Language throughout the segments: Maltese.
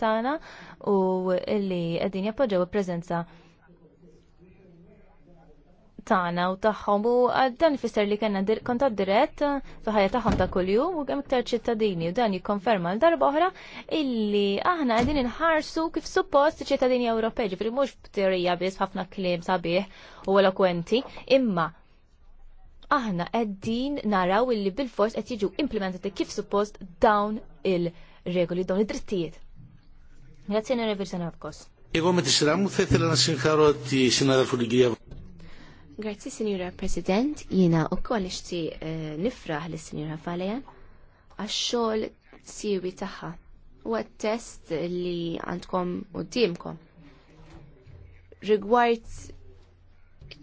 tagħna u li qegħdin jappoġġew il-preżenza tagħna u tagħhom u dan ifisser li kellna kontat dirett fil-ħajja tagħhom ta' kuljum u hemm iktar ċittadini u dan jikkonferma l darba oħra illi aħna qegħdin inħarsu kif suppost ċittadini Ewropej ġifri mhux b'teorija biss ħafna kliem sabiħ u elokwenti imma aħna qegħdin naraw illi bil-fors qed jiġu implementati kif suppost dawn il- regoli dawn id-drittijiet. Grazie Nerevir Sanavkos. Εγώ με τη σειρά μου θα ήθελα να συγχαρώ τη συνάδελφο την κυρία Grazzi, Signora President, jina u koll ixti eh, nifraħ li Signora Falea għax-xogħol siwi tagħha u għat-test li għandkom u dimkom. Rigward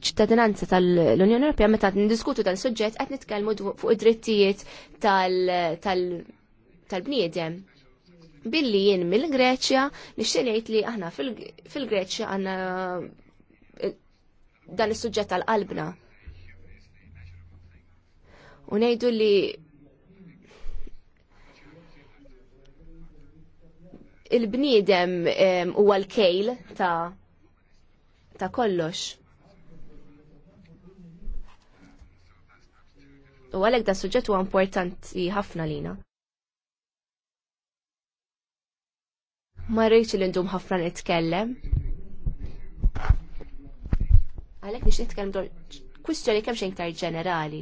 ċittadinanza tal-Unjoni Ewropea meta ndiskutu dan suġġett qed nitkellmu fuq id-drittijiet tal-bniedem billi jien mill-Greċja nixxenejt li aħna fil-Greċja għanna eh, dan is-suġġett tal-qalbna. U ngħidu li il-bniedem eh, huwa l-kejl ta' ta' kollox. U għalhekk dan suġġett huwa importanti ħafna lina. Ma rridx li ndum ħafna nitkellem. Għalhekk nix nitkellem dwar kwistjoni kemm xejn tar ġenerali.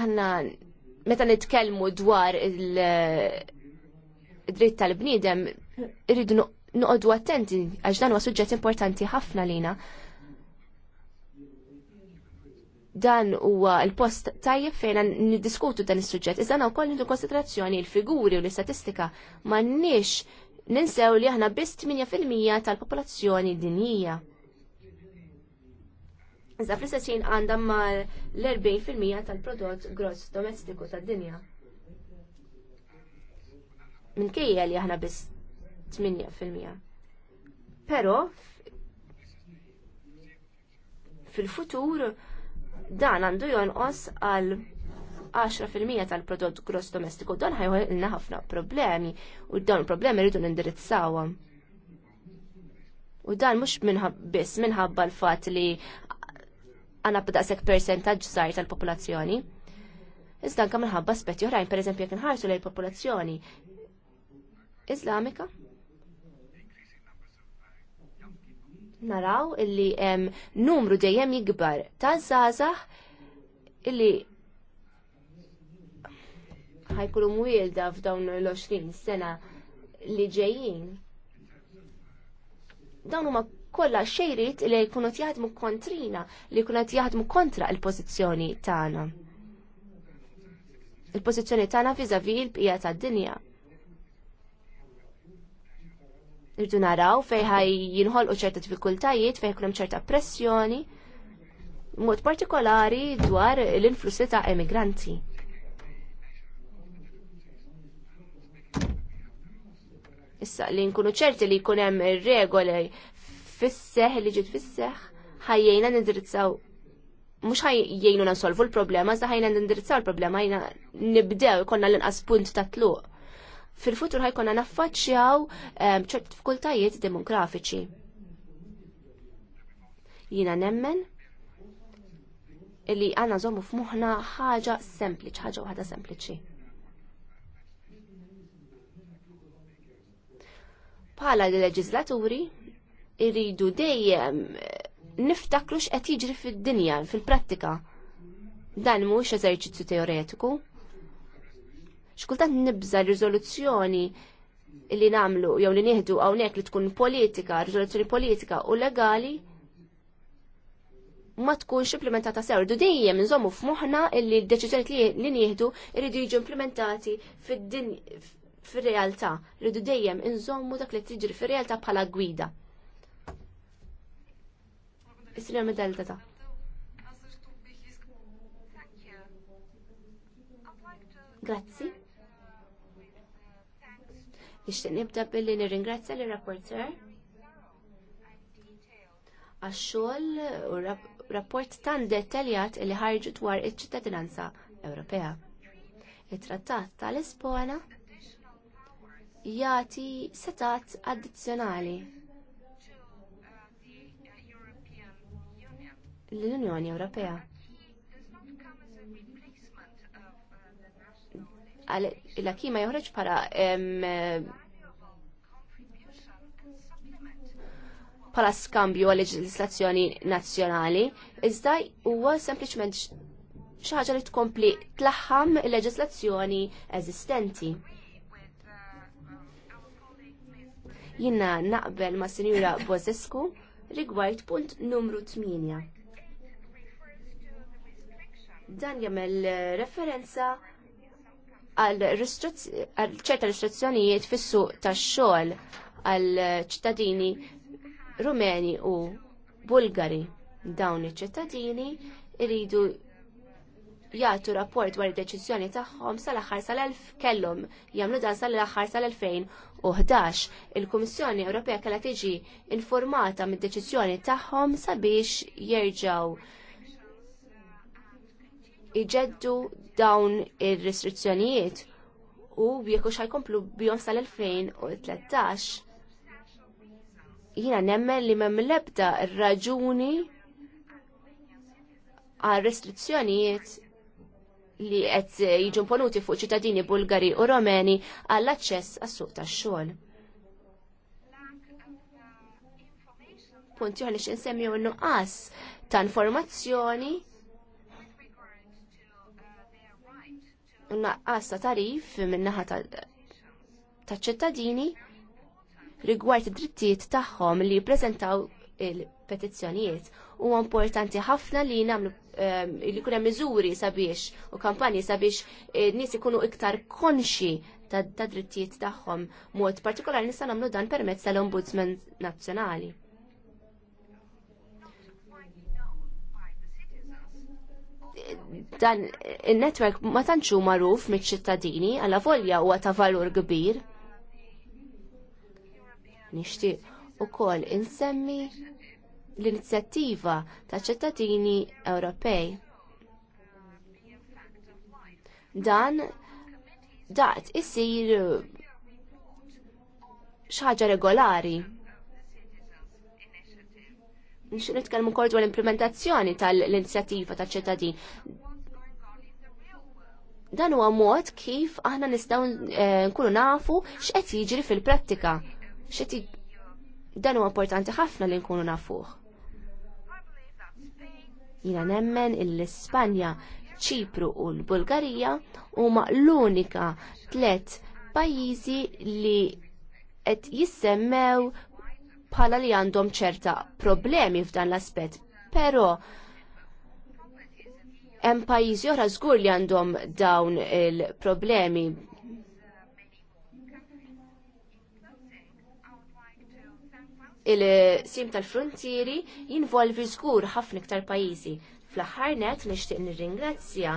Għanna meta nitkellmu dwar il-dritt eh, tal-bniedem irridu noqogħdu attenti għax dan huwa suġġett importanti ħafna lina dan huwa l-post tajjeb fejn niddiskutu dan is-suġġett. Iżda wkoll nieħdu konsiderazzjoni l-figuri u l-istatistika m'għandniex ninsew li aħna biss 8% tal-popolazzjoni dinjija. Iżda fl-istess ħin għandha mal l-40% tal-prodott gross domestiku tad-dinja. Minkejja li aħna biss 8%. Però fil-futur dan għandu jonqos għal 10% tal-prodott gross domestiku. Dan ħajħolna ħafna problemi u dawn problemi rridu nindirizzawhom. U dan mhux biss minħabba l-fatt li għandna b'daqshekk persentaġġ żgħir tal-popolazzjoni. Iżda anke minħabba aspetti oħrajn, pereżempju jekk inħarsu lejn popolazzjoni Iżlamika naraw illi hemm numru dejjem jikbar ta' żgħażagħ illi ħajkunu mwielda f'dawn l-20 sena li ġejjin. Dawn huma kollha xejrit li jkunu jaħdmu kontrina, li jkunu jaħdmu kontra l-pożizzjoni tagħna. Il-pożizzjoni tagħna viżavi l-bqija tad-dinja. Irdu naraw fej ħaj jinħolqu ċerta difikultajiet fej kunem ċerta pressjoni, mod partikolari dwar l-influssi ta' emigranti. Issa li nkunu ċerti li kunem regoli fisseħ li ġit fisseħ ħajjena nindirizzaw mux ħajjena nsolvu l-problema, zda ħajjena nindirizzaw l-problema, ħajjena nibdew konna l-inqas punt ta' tluq fil-futur ħajkonna naffaċċjaw ehm, ċert difkultajiet demografiċi. Jina nemmen illi għanna zomu f'muħna ħaġa sempliċ, ħaġa waħda sempliċi. Bħala l-leġizlaturi irridu dejjem niftaklux qed jiġri fid-dinja, fil-prattika. Dan mhux eżerċizzju teoretiku, xkultant nibza riżoluzzjoni li namlu jew li nieħdu hawnhekk li tkun politika, riżoluzzjoni politika u legali ma tkunx implementata sew. Du dejjem nżommu f'moħħna li d-deċiżjoni li nieħdu irridu jiġu implementati fid-din fir-realtà. Rridu dejjem inżommu dak li tiġri fir-realtà bħala gwida. Is-sinja ta' Grazzi. Nixtieq nibda billi nirringrazzja li rapporter għax-xogħol u rapport tan dettaljat li ħarġu dwar iċ-ċittadinanza Ewropea. Il-Trattat tal-Lisbona jagħti setat addizzjonali l-Unjoni Ewropea. l ma joħroġ para bħala skambju għal leġislazzjoni nazzjonali, iżda huwa sempliċement xi ħaġa li tkompli tlaħħam il-leġislazzjoni eżistenti. Jina naqbel ma' Sinjura Bozescu rigward punt numru 8. Dan jagħmel referenza għal ċerta restrizzjonijiet fis-suq tax-xogħol għal ċittadini Rumeni u Bulgari dawn iċ-ċittadini iridu jagħtu rapport dwar id-deċiżjoni tagħhom sal-aħħar sal-1000 kellhom jagħmlu dan sal-aħħar sal-2011. Il-Kummissjoni Ewropea kellha tiġi informata mid-deċiżjoni tagħhom sabiex jerġgħu iġeddu dawn ir-restrizzjonijiet u jekk ħajkomplu bihom sal-2013 Jina nemmen li mem lebda raġuni għal restrizzjonijiet li qed jiġu imponuti fuq ċittadini Bulgari u Romeni għall aċċess għas-suq tax-xogħol. Punti għaliex insemmi nuqqas ta' informazzjoni naqqas ta' tarif min-naħa ta' ċittadini ta rigward id-drittijiet tagħhom li jippreżentaw il-petizzjonijiet huwa importanti ħafna li nagħmlu ehm, li kuna miżuri sabiex u kampanji sabiex eh, nies ikunu iktar konxi ta' drittijiet tagħhom mod partikolari nista' nagħmlu dan permezz tal-Ombudsman Nazzjonali. Dan in netwerk ma tantx hu magħruf miċ-ċittadini għal volja huwa ta' valur kbir Nixtieq ukoll insemmi l-inizjattiva ta' ċittadini Ewropej. Dan daqt isir xaġa regolari. Nixtieq nitkellmu wkoll dwar l-implementazzjoni tal-inizjattiva ta' ċittadin. Dan huwa mod kif aħna nistgħu eh, nkunu nafu x'qed jiġri fil-prattika xiti dan huwa importanti ħafna li nkunu nafuh. Jina nemmen il ispanja ċipru u l-Bulgarija huma l-unika tlet pajjiżi li qed jissemmew bħala li għandhom ċerta problemi f'dan l-aspett, però hemm pajjiżi oħra żgur li għandhom dawn il-problemi il-sim tal-frontieri jinvolvi żgur ħafna iktar pajjiżi. Fl-aħħar net nixtieq nirringrazzja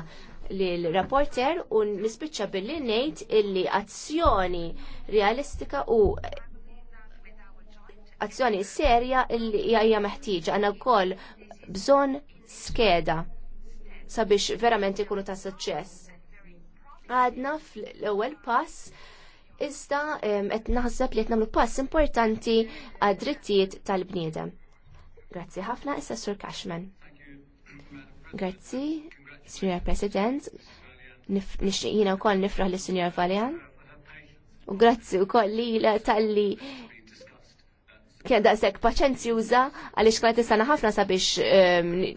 lill rapporter u nispiċċa billi ngħid illi azzjoni realistika u azzjoni serja illi hija meħtieġa għandna wkoll bżonn skeda sabiex verament ikunu ta' suċċess. Għadna fl-ewwel pass iżda qed naħseb li qed nagħmlu pass importanti għad-drittijiet tal-bniedem. Grazzi ħafna issa Sur Cashman. Grazzi, Sr. President, nixtiqina wkoll nifraħ lis Sinjor Valjan. U grazzi wkoll li talli kien daqshekk uża għaliex kienet tistana ħafna sabiex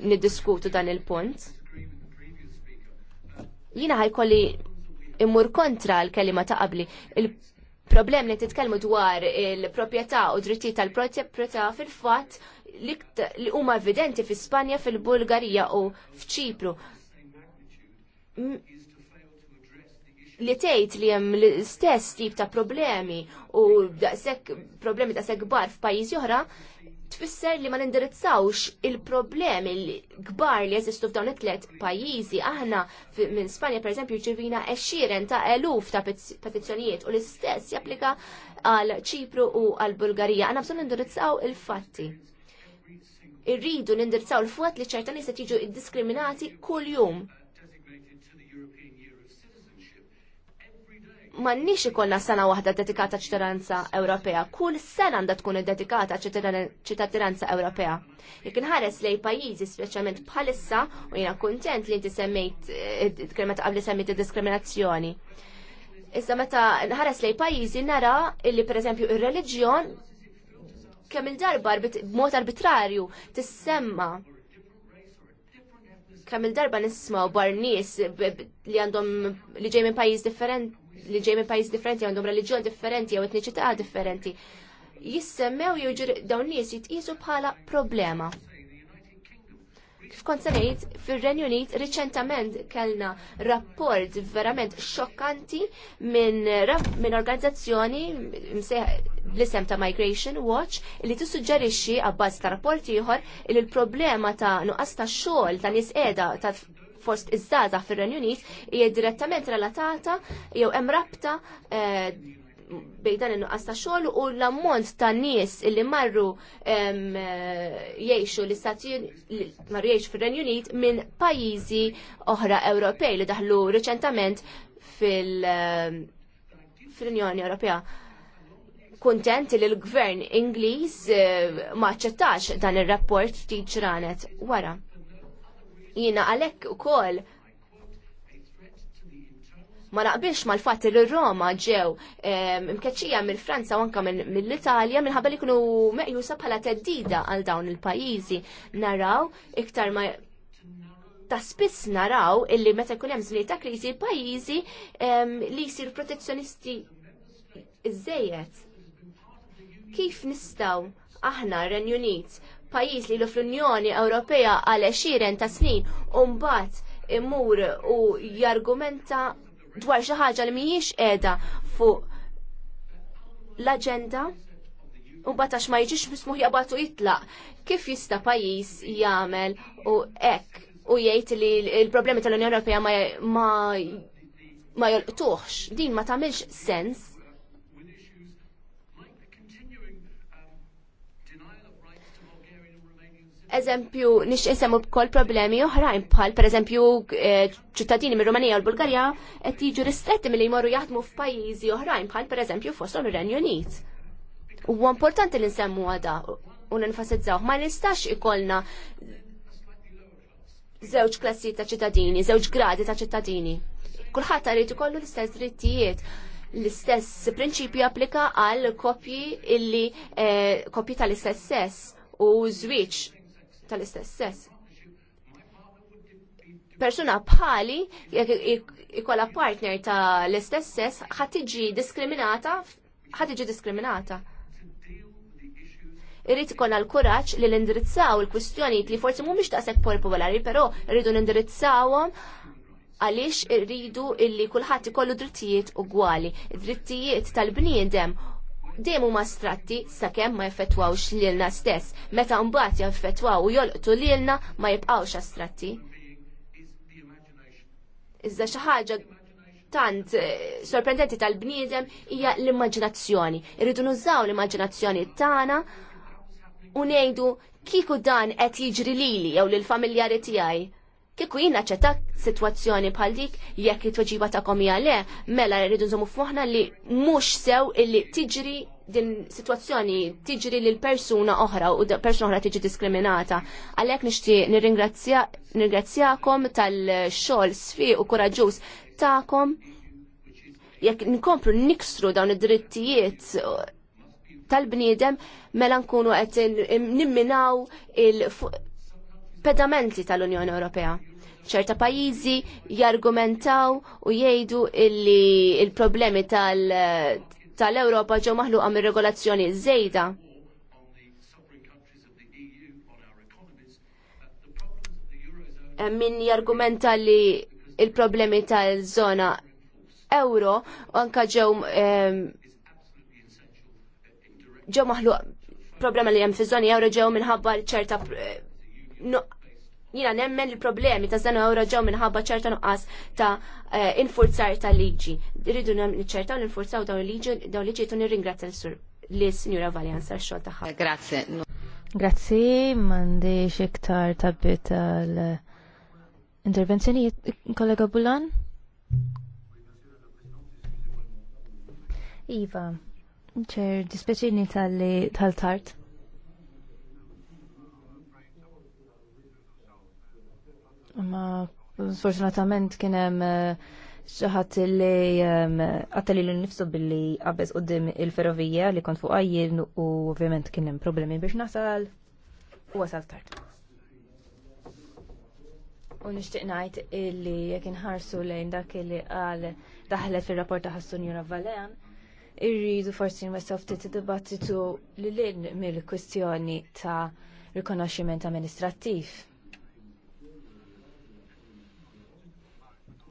niddiskutu dan il-punt. Jina ħajkolli Immur kontra l-kelima ta' qabli. Il-problem li titkellmu dwar il-proprjetà u d-dritti tal propieta fil-fatt li huma evidenti fi Spanja, fil-Bulgarija u f'Ċipru li tgħid li hemm l-istess tip ta' problemi u daqshekk problemi ta' kbar f'pajjiż oħra, tfisser li ma nindirizzawx il-problemi kbar li jeżistu f'dawn it-tlet pajjiżi. Aħna minn Spanja pereżempju ċivina eċxiren ta' eluf ta' petizzjonijiet u l-istess japplika għal Ċipru u għal Bulgarija. Aħna bżonn nindirizzaw il-fatti. Irridu nindirizzaw il-fat li ċertan se tiġu id-diskriminati kull jum mannix ikollna sena waħda dedikata ċittadinanza Ewropea. Kull sena għandha tkun dedikata ċittadinanza Ewropea. Jekk inħares lej pajjiżi speċjalment bħalissa u jiena kuntent li inti semmejt eh, kelmet qabli semmejt diskriminazzjoni. Issa meta nħares lej pajjiżi nara illi pereżempju ir-reliġjon kemm il-darba b'mod arbitrarju tissemma kemm il-darba nismaw bar nies li għandhom li ġej minn pajjiż differenti li ġej minn pajjiż differenti għandhom reliġjon differenti jew etniċità differenti jissemmew jew dawn nies jitqisu bħala problema. Kif kont se ngħid, fir-Renju Unit riċentament kellna rapport verament xokkanti minn min organizzazzjoni l isem ta' Migration Watch li tissuġġerixxi għabbaż ta' rapport ieħor li l-problema ta' nuqqas ta' xogħol ta' nies qiegħda ta' fost iż-żgħażagħ fir-Renju Unit hija direttament relatata jew hemm rabta eh, bej dan in ta' xogħol u l-ammont ta' nies illi marru eh, jgħixu l-Istati marru jgħixu fir-Renju Unit minn pajjiżi oħra Ewropej li daħlu riċentament fil- eh, fil-Unjoni Ewropea kontent li l-gvern Ingliż ma ċettax dan ir rapport ftit ġranet wara. Jiena għalhekk ukoll ma naqbilx mal fatti l Roma ġew imkeċċija mill-Franza u anke mill-Italja minħabba li kienu meqjusa bħala teddida għal dawn il-pajjiżi. Naraw iktar ma ta' spiss naraw illi meta jkun hemm żliet ta' kriżi pajjiżi li jsir protezzjonisti iżejjed. Kif nistgħu aħna Renju Unit pajis li l-Unjoni Ewropea għal xiren ta' snin u mbagħad imur u jargumenta dwar xi ħaġa li mhijiex qiegħda fuq l-aġenda u batax ma jiġix bismuħ jabatu jitlaq. Kif jista pajis jagħmel u ek u jgħid li l-problemi tal-Unjoni Ewropea ma ma jolqtuħx, din ma tagħmilx sens. Eżempju, nix insemmu bkoll problemi oħrajn bħal, per eżempju, eh, ċittadini mir rumanija u l-Bulgarija qed jiġu ristretti milli jmorru jaħdmu f'pajjiżi oħrajn bħal, per eżempju, fosthom ir-Renju Unit. Huwa importanti li nsemmu għada u nenfasizzaw. Ma nistax ikolna żewġ klassi ta' ċittadini, żewġ gradi ta' ċittadini. Kulħadd irid ikollu l-istess drittijiet l-istess prinċipju applika għal kopji illi eh, kopji tal-istess sess u żwieġ tal-istess sess. Persuna bħali ikolla partner tal istess sess ħatiġi diskriminata ħatiġi tiġi diskriminata. Irrid ikollna l-kuraġġ li l-indirizzaw il-kwistjonijiet li forsi mhumiex daqshekk popolari, però rridu nindirizzawhom għaliex irridu illi kulħadd ikollu drittijiet ugwali, drittijiet tal-bniedem Demu huma stratti sakemm ma jeffettwawx lilna stess. Meta mbagħad jaffettwaw u jolqtu lilna ma jibqgħux astratti. Iżda xi ħaġa tant eh, sorprendenti tal-bniedem hija l-immaġinazzjoni. Irridu nużaw l-immaġinazzjoni tagħna u ngħidu kieku dan qed jiġri lili jew lill-familjari tiegħi kiku jina naċċetta sitwazzjoni bħal dik jekk it-tweġiba ta' komija le, mela rridu nżomu f'moħħna li mhux sew illi tiġri din situazzjoni tiġri lil persuna oħra u persuna oħra tiġi diskriminata. Għalhekk nixtieq nirringrazzjakom tal-xogħol sfi u koraġġuż tagħkom jekk nkomplu niksru dawn id-drittijiet tal-bniedem mela nkunu qed nimminaw il pedamenti tal-Unjoni Ewropea. ċerta pajjiżi jargumentaw u jgħidu illi il-problemi tal-Ewropa ġew maħluqa mir regolazzjoni żejda. Min jargumenta li il-problemi tal-żona euro anka ġew ehm, ġew maħluq problema li hemm fiż-żoni euro ġew minħabba ċerta eh, Jina nemmen li problemi ta' zena euro ġew minħabba ċerta nuqqas ta' eh, infurzar ta' liġi. Rridu ċertaw l-infurzaw dawn liġi dawn liġi tu nirringrazzja l-sur li s-Njura Valjanza xol taħħa. Grazie. Grazie, mandi xiktar tabbit l intervenzjoni kollega Bulan? Iva, ċer, dispeċini tal-tart. Ma sfortunatament kien hemm eh, ħadd li għattali ehm, li nifsu billi għabbez qoddim il-ferrovija li kont fuq għajjin u ovvjament kien hemm problemi biex nasal u wasal tard. U nixtieq ngħid illi jekk inħarsu lejn dak li qal daħlet fir-rapport ta' Ħassun Jura Valen, irridu forsi nwessaw ftit dibattitu li lin mill-kwistjoni ta' rikonoxximent amministrattiv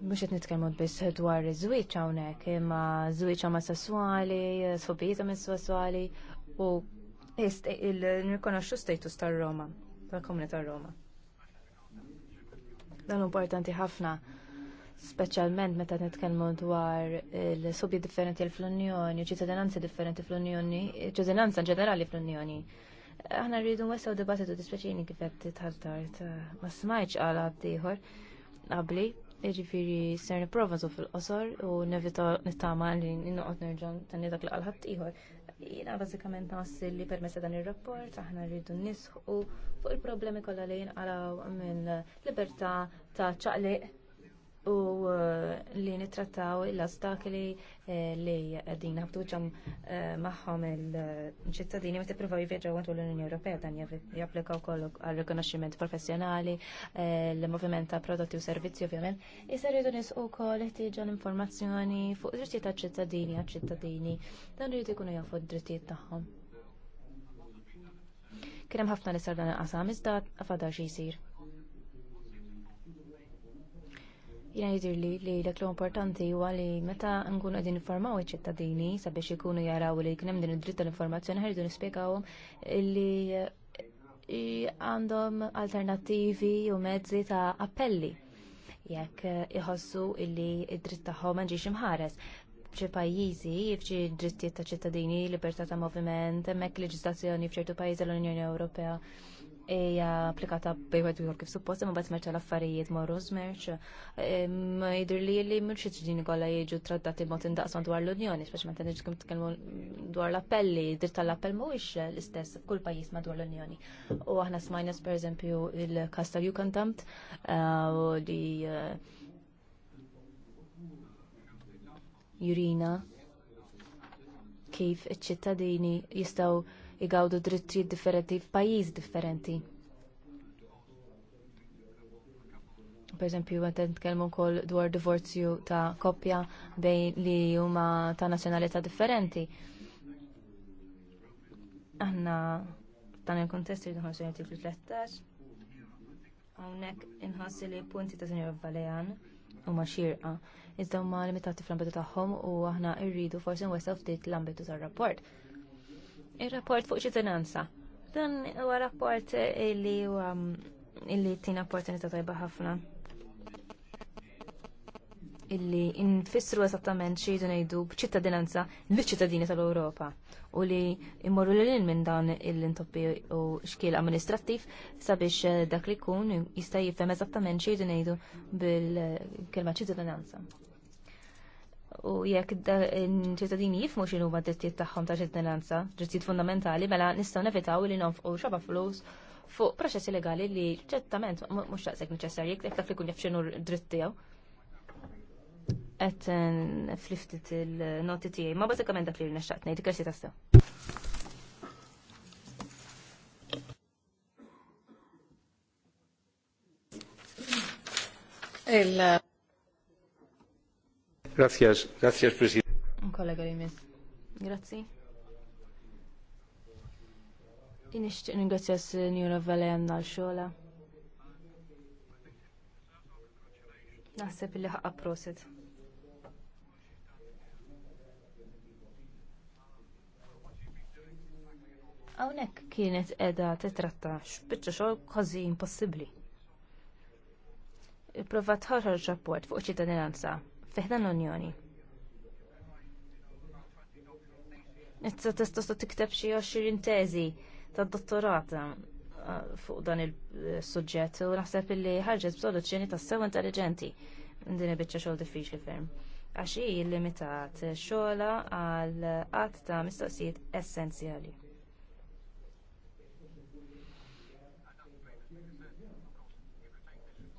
mux qed nitkellmu biss dwar żwieġ hawnhekk, imma żwieġ omosessuali, sfobijiet omosessuali u nirkonoxxu status tar-Roma, tal-komunità Roma. Dan importanti ħafna, speċjalment meta nitkellmu dwar il-subji differenti fl-Unjoni, ċittadinanza differenti fl-Unjoni, ċittadinanza ġenerali fl-Unjoni. Aħna rridu nwessaw dibattitu dispeċini kif qed titħaltart, ma smajtx għal ħaddieħor qabli Jiġifieri ser niprofa zu fil-qosor u nevita nittama li noqgħod nerġan tanni dak l ħadd ieħor. Jiena bażikament nassi li permessa dan ir-rapport aħna rridu nisħu fuq il-problemi kollha li jinqalaw minn libertà ta' ċaqliq u eh, li nitrattaw l-ostakli eh, li għadin ħabtuġom eh, maħħom il-ċittadini ma t-provaw jivjaġaw għantu l-Unjoni Ewropea dan japplikaw kollu għal-rikonoxximent professjonali, l-moviment ta' prodotti u servizzi ovvjament. Isser jridu nisqu kol ħtieġa l-informazzjoni fuq drittijiet ta' ċittadini għal ċittadini dan jridu jkunu jafu d-drittijiet tagħhom. Kien hemm ħafna li sar dan il-qasam iżda għafada xi jsir. Jena jidirli li dak li importanti huwa li meta nkunu qegħdin informaw iċ-ċittadini sabiex ikunu jaraw li kien hemm din id-dritt tal-informazzjoni ħaridu nispjegawhom li għandhom alternattivi u mezzi ta' appelli jekk eh, iħossu li id-dritt tagħhom ma ġiex imħares f'xi pajjiżi f'xi drittijiet ta' ċittadini, libertà ta' moviment, hemmhekk leġiżlazzjoni f'ċertu pajjiżi l-Unjoni Ewropea hija applikata bejwed ieħor kif suppost imma bad merċa l-affarijiet morru żmerċ. Ma ehm, jidher li li mhux iġġini kollha jiġu trattati mod indaqsma dwar l-Unjoni, speċi meta kemm tkellmu dwar l-appelli, dir tal-appell mhuwiex l-istess f'kull pajjiż madwar l-Unjoni. U aħna smajna pereżempju il-kas ta' Jukantamt eh, li eh, jurina kif iċ-ċittadini jistgħu igawdu drittijiet differenti f'pajjiż differenti. Pereżempju, meta nitkellmu wkoll dwar divorzju ta' koppja bejn li huma ta' nazzjonalità differenti. Aħna dan il-kontest rridu ħarsu artiklu 13. Hawnhekk inħassi li punti ta' Sinjor Valejan huma xirqa. Iżda huma limitati fl-ambitu tagħhom u aħna rridu forsi nwessaw ftit l-ambitu tar-rapport. Il-rapport fuq ċittadinanza. Dan huwa rapport li huwa mm, illi tina opportunità tajba ħafna. Illi nfissru esattament xejdu ngħidu b'ċittadinanza liċ-ċittadini tal-Ewropa u li immorru lil minn dawn il-intoppi u xkiel amministrattiv sabiex eh, dak li jkun jista' jifhem eżattament xejdu ngħidu bil-kelma ċittadinanza u jekk ċittadini jifmu xinu ma drittijiet tagħhom ta' ċittadinanza, drittijiet fundamentali, mela nistgħu nevitaw li nonfqu xaba flus fuq proċessi legali li ċettament mhux taqsek neċessarji jekk taf ikun jaf jafxinu dritt tiegħu. Qed fliftit il-noti tiegħi, ma bażikament dak li nixtaqt ngħid, kersi tassew. Il- Gracias, gracias, Presidente. Kollega Limis, grazzi. Inixtiq ringrazzja s-Sinjura Valejanna għal-xola. Naħseb li ħaqqa prosit. Hawnhekk kienet qiegħda titratta x'biċċa xogħol kważi impossibbli. Ipprova tħarħar rapport fuq ċittadinanza fiħdan l-Unjoni. Issa tista' tikteb xi 20 teżi tad-dottorat uh, fuq dan il-suġġett u naħseb illi ħarġet b'soluzzjoni tas-sew intelligenti din il xogħol diffiċli ferm. Għaxi limitat xogħla għal qatt ta' mistoqsijiet essenzjali.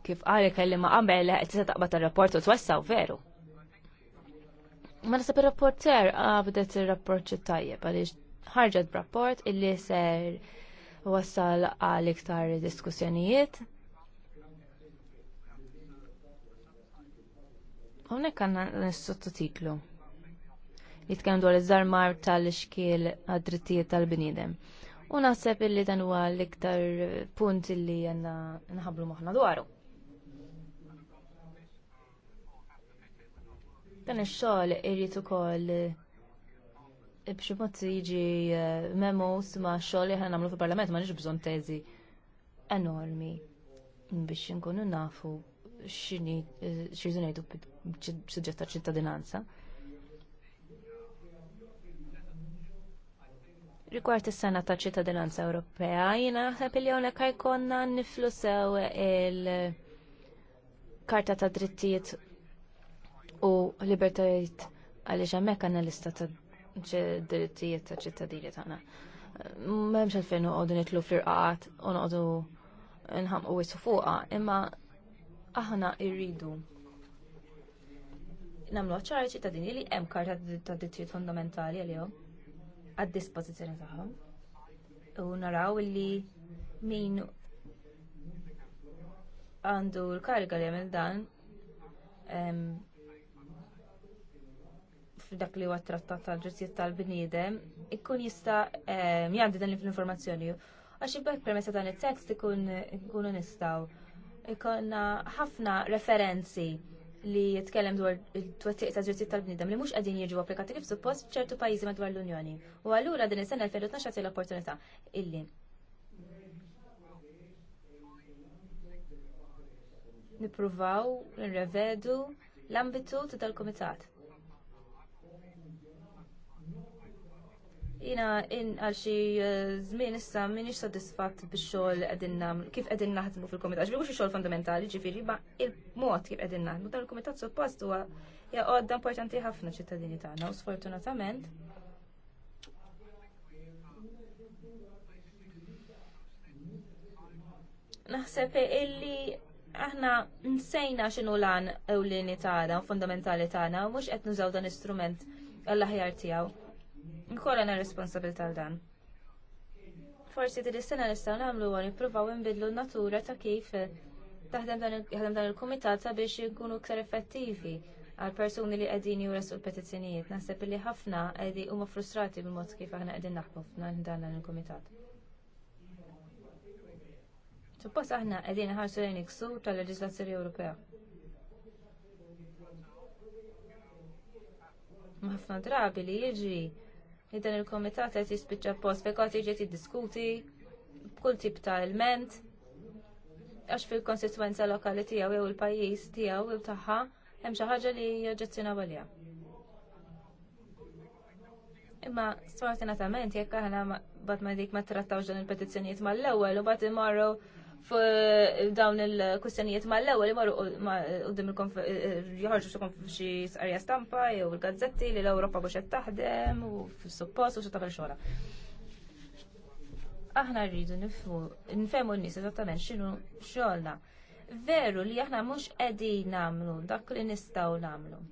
kif għali kelli ma qabel tista' taqbad ir-rapport u t-wessaw veru. Ma nasab ir-rapporter għabdet ir-rapport tajjeb għaliex ħarġet b'rapport illi ser wassal għal iktar diskussjonijiet. Hawnhekk għandna n sottotiklu Jitkem dwar iż-żarmar tal-xkiel għad-drittijiet tal-bniedem. U naħseb illi dan huwa l-iktar punt illi għanna nħablu maħna dwaru. Dan ix-xogħol irid ukoll eh, b'xi mod jiġi eh, memos ma' xol li aħna nagħmlu fil-Parlament ma nix bżonn teżi enormi biex inkunu nafu x'ini eh, xi ngħidu b'suġġett ta' ċittadinanza. Rigward is-sena ta' ċittadinanza Ewropea, jiena naħseb li hawnhekk jkollna niflu sew il- karta ta' drittijiet u libertajiet għaliex hemmhekk għandna lista ta' drittijiet ta' ċittadini tagħna. M'hemmx għalfejn noqogħdu nitlu fl-irqaqat u noqogħdu nħamqu wissu fuqha, imma aħna rridu nagħmlu ċara ċittadini li hemm karta ta' drittijiet fundamentali għalihom għad-dispożizzjoni tagħhom u naraw li min għandu l-kariga li għamil dan f'dak li huwa trattat tal-ġustizzja tal-bniedem ikun jista' eh, jgħaddi dan l-informazzjoni għax ibbek permessa dan it-tekst ikun ikunu nistgħu. Ikonna ħafna referenzi li jitkellem dwar it twettiq ta' ġustizzja tal-bniedem li mhux qegħdin jiġu applikati kif suppost f'ċertu pajjiżi madwar l-Unjoni. U allura din is-sena 2012 l-opportunità illi nippruvaw nirrevedu l-ambitu tal-Kumitat. jina in għalxi xi eh, żmien issa minix sodisfatt bix-xogħol qegħdin kif qegħdin naħdmu fil-kumitat. X'biex xogħol fundamentali ġifieri ma il-mod kif qegħdin naħdmu dan il-kumitat suppost huwa għodda importanti ħafna ċittadini tagħna u sfortunatament naħseb illi aħna nsejna x'inhu lan ewlieni tagħna fundamentali tagħna u mhux qed dan istrument għall-aħjar tiegħu nkollna responsabilta għal dan. Forsi din is-sena nistgħu nagħmlu huwa nippruvaw inbidlu n-natura ta' kif taħdem dan il-kumitat sabiex jikunu iktar effettivi għal persuni li qegħdin jura suq petizzjonijiet. Nasib li ħafna u huma frustrati bil-mod kif aħna qegħdin naħdmu dan il-kumitat. Suppost aħna qegħdin ħarsu lejn iksu tal-leġislazzjoni Ewropea. Ma' ħafna drabi li jiġri li dan il-komitat qed jispiċċa post fekat jiġi jiddiskuti b'kull tip ta' element għax fil-konsistenza lokali tiegħu jew il-pajjiż tiegħu jew tagħha hemm xi ħaġa li jaġġezzjona għalija. Imma sfortunatament jekk aħna bad ma dik ma trattawx dan il-petizzjonijiet mal-ewwel u bad imorru dawn il-kustenijiet mal-ewwel imorru qudiem il xi xi sqarja stampa jew il-gazzetti li l ewropa biex qed taħdem u fis suppost u xi tagħmel xogħla. Aħna rridu nifhmu nfemmu n-nies eżattament x'inhu xogħolna. Veru li aħna mhux qegħdin nagħmlu dak li nistgħu nagħmlu.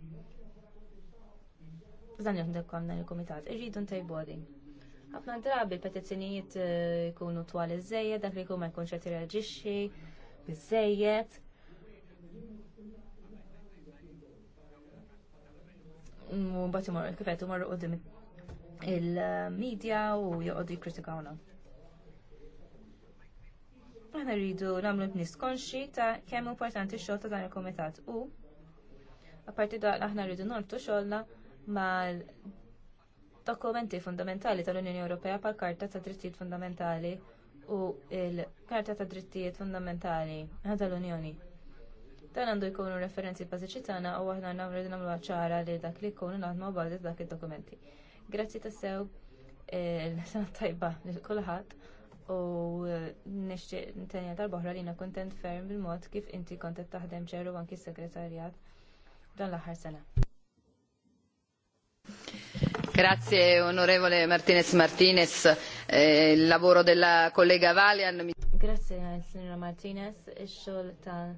Dan jħdekkom dan il-kumitat, irridu ntejbodi. Għafna drabi petizzjonijiet eh, jkunu twal iż-żejjed, dak li jkun ma jkunx qed jirreġixxi biżejjed. Mm, mbagħad imorru kif qed imorru qudiem il-medja u joqogħdu jikkritikawna. Aħna rridu nagħmlu nis konxi ta' kemm importanti x-xogħol ta' dan il-kumitat u apparti da aħna rridu nortu xogħolna mal dokumenti fundamentali tal-Unjoni Ewropea pal karta ta' drittijiet fundamentali u l karta ta' drittijiet fundamentali tal-Unjoni. Dan għandu jkunu referenzi bażiċi tagħna u aħna nagħmlu nagħmlu ċara li dak li jkunu naħdmu bażi dak id-dokumenti. Grazzi tassew il-sena eh, tajba lil kulħadd u eh, nixtieq ntenja tal-boħra li jiena kuntent ferm bil-mod kif inti kont qed taħdem ċeru anki s-segretarjat dan l-aħħar sena. Grazie onorevole Martinez Martinez, eh, il lavoro della collega Valian. Grazie signora Martinez, il-xol ta'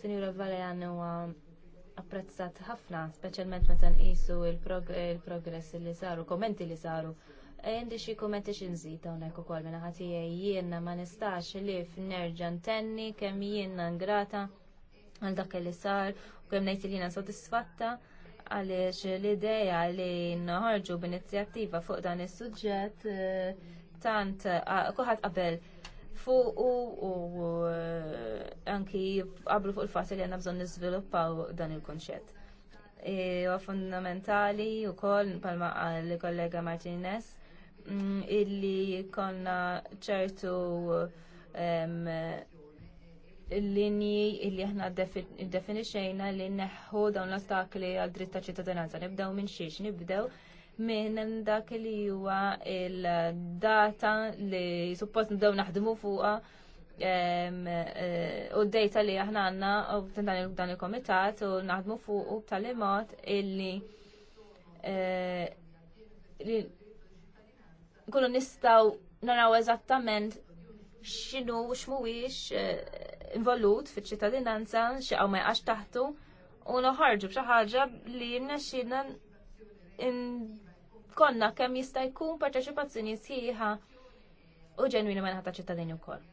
signora Valian huwa apprezzat ħafna, specialment meta nqisu il-progress il li saru, kommenti li saru. E għandi xi kummenti xi nżid hawnhekk ukoll minn ħadd jiena ma nistax li f'nerġa' ntenni kemm jiena ngrata għal dak li sar u kemm ngħid li jiena sodisfatta għaliex l-ideja li noħorġu b'inizjattiva fuq dan is-suġġett eh, tant kulħadd qabel fuq u eh, anki qablu fuq il-fatt li għandna bżonn niżviluppaw dan il-kunċett. E, huwa fundamentali wkoll palma għall-kollega Martinez mm, illi konna ċertu linji li aħna definixejna li neħħu dawn l-ostakli għal dritt ta' ċittadinanza. Nibdew minn xiex, nibdew minn dak li huwa il-data li suppost nibdew naħdmu fuqha eh, u d-data li aħna għanna u dan il-komitat u naħdmu fuq u tal-imot illi eh, kullu nistaw naraw eżattament xinu u xmuwix eh, involut fiċ-ċittadinanza xi hawn ma jaqax taħtu u noħarġu b'xi ħaġa li rnexxina konna kemm jista' jkun parteċipazzjoni sħiħa u ġenwina ma ta' ċittadini wkoll.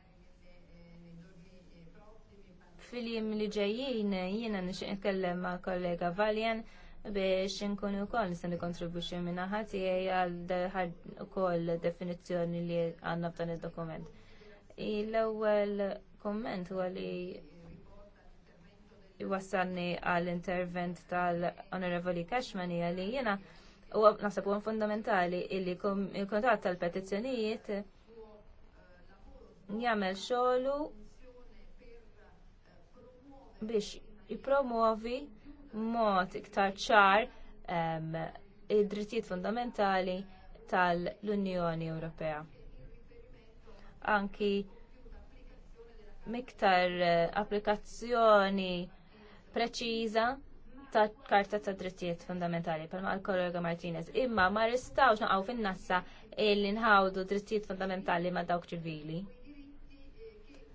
Fil-jiem li ġejjin jiena nixtieq nitkellem ma' kollega Valjan biex inkunu wkoll nista' nikkontribwixxi minn naħa tiegħi għal ukoll definizzjoni li għandna f'dan id-dokument. il ewwel komment huwa li wassalni għall intervent tal-Onorevoli Cashman hija li jiena huwa naħseb huwa fundamentali illi il-kontratt tal-petizzjonijiet jagħmel xogħlu biex jippromuovi mod iktar ċar id-drittijiet fundamentali tal-Unjoni Ewropea. Anki miktar eh, applikazzjoni preċiża ta' karta ta' drittijiet fundamentali palma għal-kollega Martinez. Imma ma ristawx naqgħu fin-nassa illi nħawdu drittijiet fundamentali ma' dawk ċivili.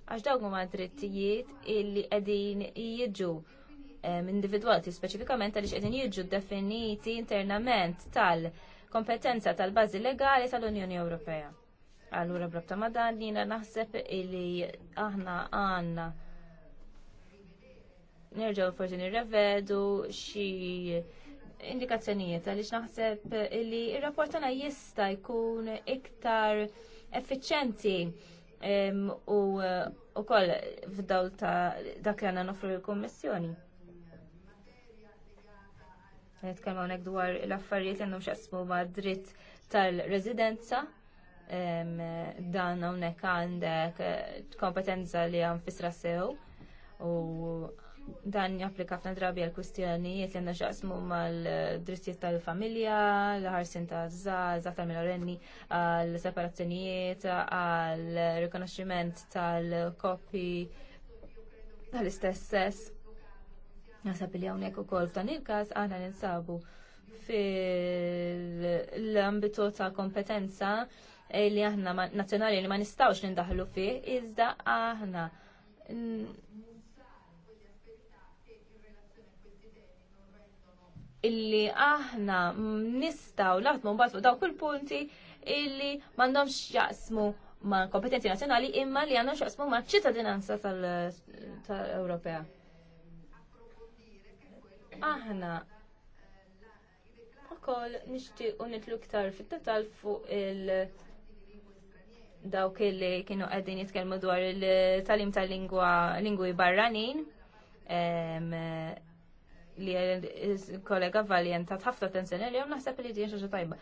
Għax dawk huma drittijiet illi qegħdin jiġu eh, individwati speċifikament għaliex qegħdin jiġu definiti internament tal-kompetenza tal-bażi legali tal-Unjoni Ewropea. Allura brabta ma nina naħseb illi aħna għanna nerġaw forsi nirrevedu xi indikazzjonijiet għaliex naħseb illi r rapport tagħna jista' jkun iktar effiċjenti u wkoll f'dawl ta' dak li għandna nofru l-Kummissjoni. Nitkellmu hawnhekk dwar l-affarijiet li għandhom x'jaqsmu ma' dritt tal-residenza dan hawnhekk għandek eh, kompetenza li għan fisra sew u dan japplika f'na drabi għal kwistjonijiet li għandna xaqsmu mal-drittijiet tal-familja, l-ħarsin ta' zaza tal-minorenni, għal-separazzjonijiet, għal-rikonoxximent tal-koppi tal-istess sess. Nasab li hawnhekk ukoll f'dan il-każ aħna ninsabu fil-ambitu ta' kompetenza li aħna nazzjonali li ma nistawx nindaħlu fih, iżda aħna illi aħna nistaw laħtmu mbagħad fuq dawk il-punti illi m'għandhomx jaqsmu ma' kompetenzi nazzjonali imma li għandhom xaqsmu ma' ċittadinanza tal-Ewropea. Aħna ukoll nixtiequ nitlu iktar fit-detal fuq il- dawk li kienu qegħdin jitkellmu dwar il-talim tal-lingwa lingwi barranin li kollega Valjen ta' ħafna attenzjoni li jom naħseb li din xaġa tajba.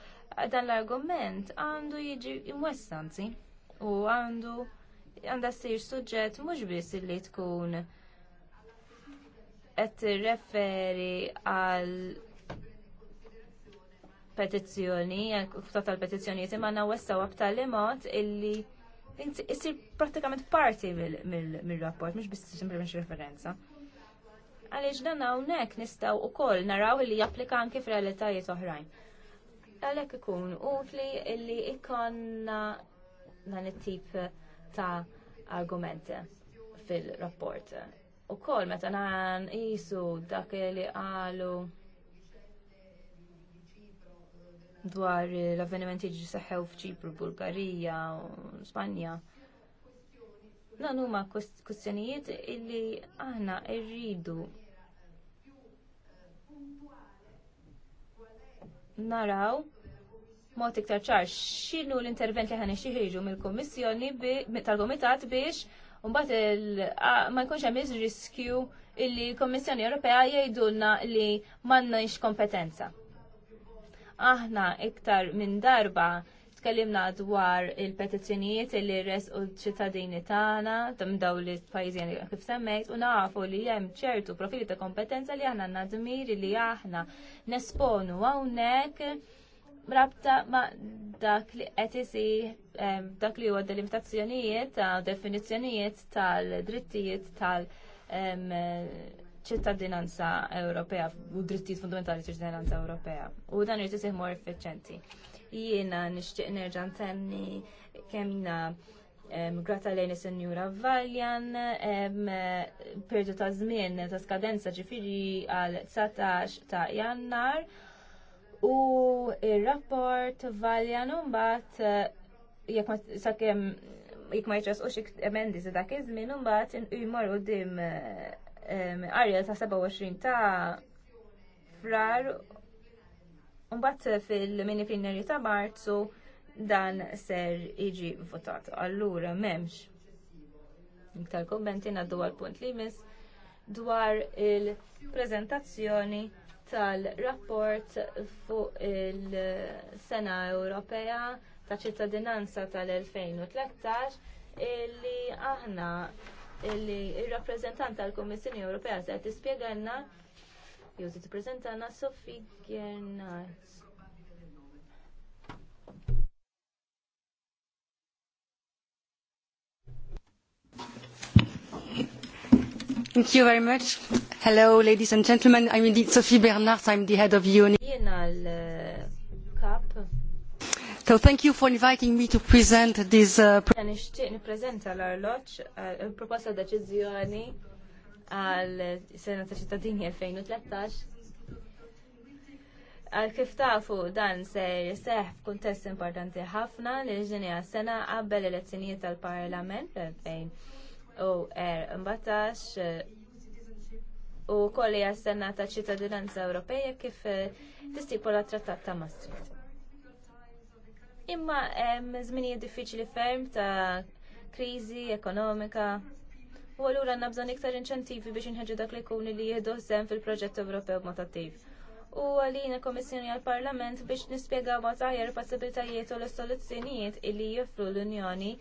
Dan l-argument għandu jiġi imwessanzi u għandu għanda sir suġġett mhux biss li tkun qed tirreferi għal petizzjoni, tal petizzjoniet, imma għanna wessaw b'tali mod illi jisir pratikament parti mill-rapport, mux bis simplement referenza. Għalix dan hawnhekk nistgħu koll naraw illi japplika anke f'realitajiet oħrajn. Għalhekk ikun utli illi ikonna dan it-tip ta' argumenti fil-rapport. Ukoll meta għan jisu dak li għalu dwar l-avvenimenti ġi seħħew f'Ċipru, Bulgarija, Spanja. Dan huma kwestjonijiet illi aħna rridu naraw mod iktar ċar x'inhu l-intervent li ħanex jiħriġu mill-Kummissjoni tal-Kumitat biex mbagħad ma jkunx hemm riskju illi l-Kummissjoni Ewropea jgħidulna li m'għandniex kompetenza. Aħna iktar minn darba tkellimna dwar il-petizzjonijiet li res u ċittadini tagħna tam dawn li pajjiżi kif semmejt u nafu li hemm ċertu profili ta' kompetenza li aħna nadmir li aħna nesponu hawnhekk rabta ma' dak li qed isir dak li huwa delimitazzjonijiet ta' definizzjonijiet tal-drittijiet tal-, -drittijiet, tal ċittadinanza Ewropea u drittijiet fundamentali ċittadinanza Ewropea. U dan irrid isih more effiċenti. Jiena nixtieq nerġa' ntemmi kemm grata lejn is-Senjura Valjan, perdu ta' żmien ta' skadenza ġifiri għal 19 ta' Jannar u ir-rapport Valjan mbagħad jekk ma sakemm jekk ma jċasqux emendi se dak iż-żmien imbagħad jmorru dim arja ta' 27 ta' frar Umbat fil-mini plenari ta' marzu dan ser iġi votat. Allura memx. Iktar kommenti naddu għal-punt li mis dwar il-prezentazzjoni tal-rapport fuq il-Sena Ewropea ta' ċittadinanza tal-2013 illi aħna illi il-rappresentant tal-Kommissjoni Ewropea se tispjega tispjegalna jew se tippreżentana Sofi Gernard. Thank you very much. Hello, ladies and gentlemen. I'm indeed Sophie Bernard. I'm the head of UNI. So thank you for inviting me to present this uh, Nixtieq nippreżenta l-arloġġ uh, proposta deċiżjoni għal sena ta' ċittadini 2013 għal kif tafu dan se jiseħ f'kuntest importanti ħafna li ġenja sena qabel elezzjonijiet tal-Parlament fl-2014 uh, u kolli għas sena ta' ċittadinanza Ewropeja kif uh, tistipula trattat ta' Maastricht imma hemm żminijiet diffiċli ferm ta' kriżi ekonomika. U allura għandna bżonn iktar inċentivi biex inħeġġu dak li jkun li jieħdu sem fil-proġett Ewropew b'mod attiv. U il Komissjoni għal-Parlament biex nispjegaw ma taħjar possibilitajiet u l-soluzzjonijiet illi jifru l-Unjoni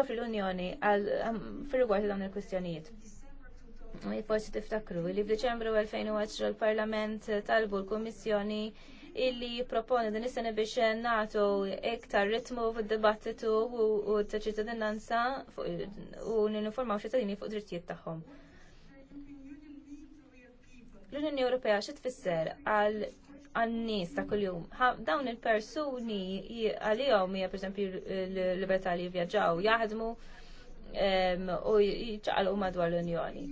toffri l-Unjoni fil-rigward dawn il-kwistjonijiet. E, forsi tiftakru li f'Diċembru 2010 l-Parlament talbu l komissjoni illi jipproponi din is-sena biex nagħtu iktar ritmu fid-dibattitu u taċ ċittadinanza u ninformaw ċittadini fuq drittijiet tagħhom. L-Unjoni Ewropea xi tfisser għal għannis ta' kuljum. Dawn il-persuni għalihom hija pereżempju l-libertà li vjaġġaw, jaħdmu u ċaqalqu madwar l-Unjoni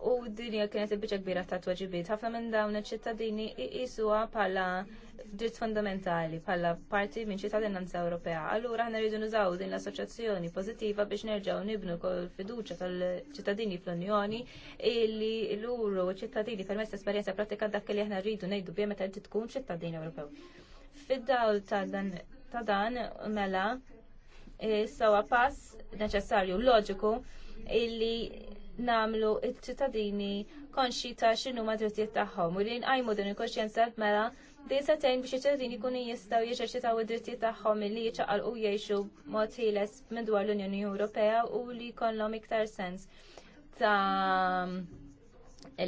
u dinja kienet il-bicċa kbira ta' tweġibiet. Ħafna minn dawn iċ-ċittadini jqisuha bħala dritt fundamentali, bħala parti minn ċittadinanza Ewropea. Allura aħna rridu nużaw din l-assoċjazzjoni pożittiva biex nerġgħu nibnu kol fiduċja tal-ċittadini fl-Unjoni illi l-uru ċittadini permezz esperjenza pratika dak li aħna rridu ngħidu bie meta inti tkun ċittadini Ewropew. Fid-dawl ta' dan mela eh, sewa pass neċessarju loġiku illi namlu il-ċittadini konxi ta' xinu madrittijiet tagħhom u li nqajmu din il-koxjenza mela din se biex iċ-ċittadini jkunu jistgħu jeġerċitaw id-drittijiet tagħhom li jiċċaqalqu jgħixu mod ħieles minn dwar l-Unjoni Ewropea u li jkollhom iktar sens ta'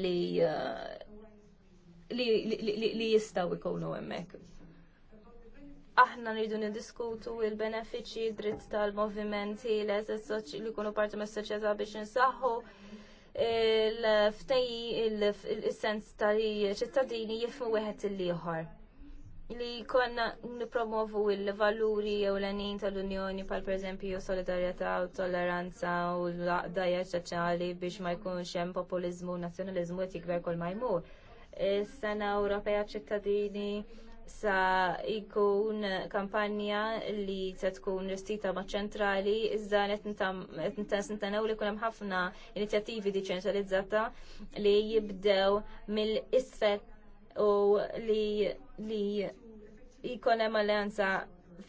li eh, li jistaw ikunu hemmhekk aħna nridu niddiskutu il-benefiċi dritt tal-movimenti li jkunu parti mas soċjetà biex insaħħu l ftej il-sens tal-ċittadini jifmu wieħed il-ieħor. Li konna nipromovu il-valuri u l tal-Unjoni pal per eżempju solidarjetà u tolleranza u l-għaqdajja ċaċali biex ma jkunx hemm populizmu u nazzjonalizmu qed jikber kol ma jmur. Is-sena Ewropea ċittadini sa jkun kampanja li se tkun restita ma' ċentrali, iżda nitentaw li kunem ħafna inizjattivi diċentralizzata li jibdew mill isfet u li li hemm alleanza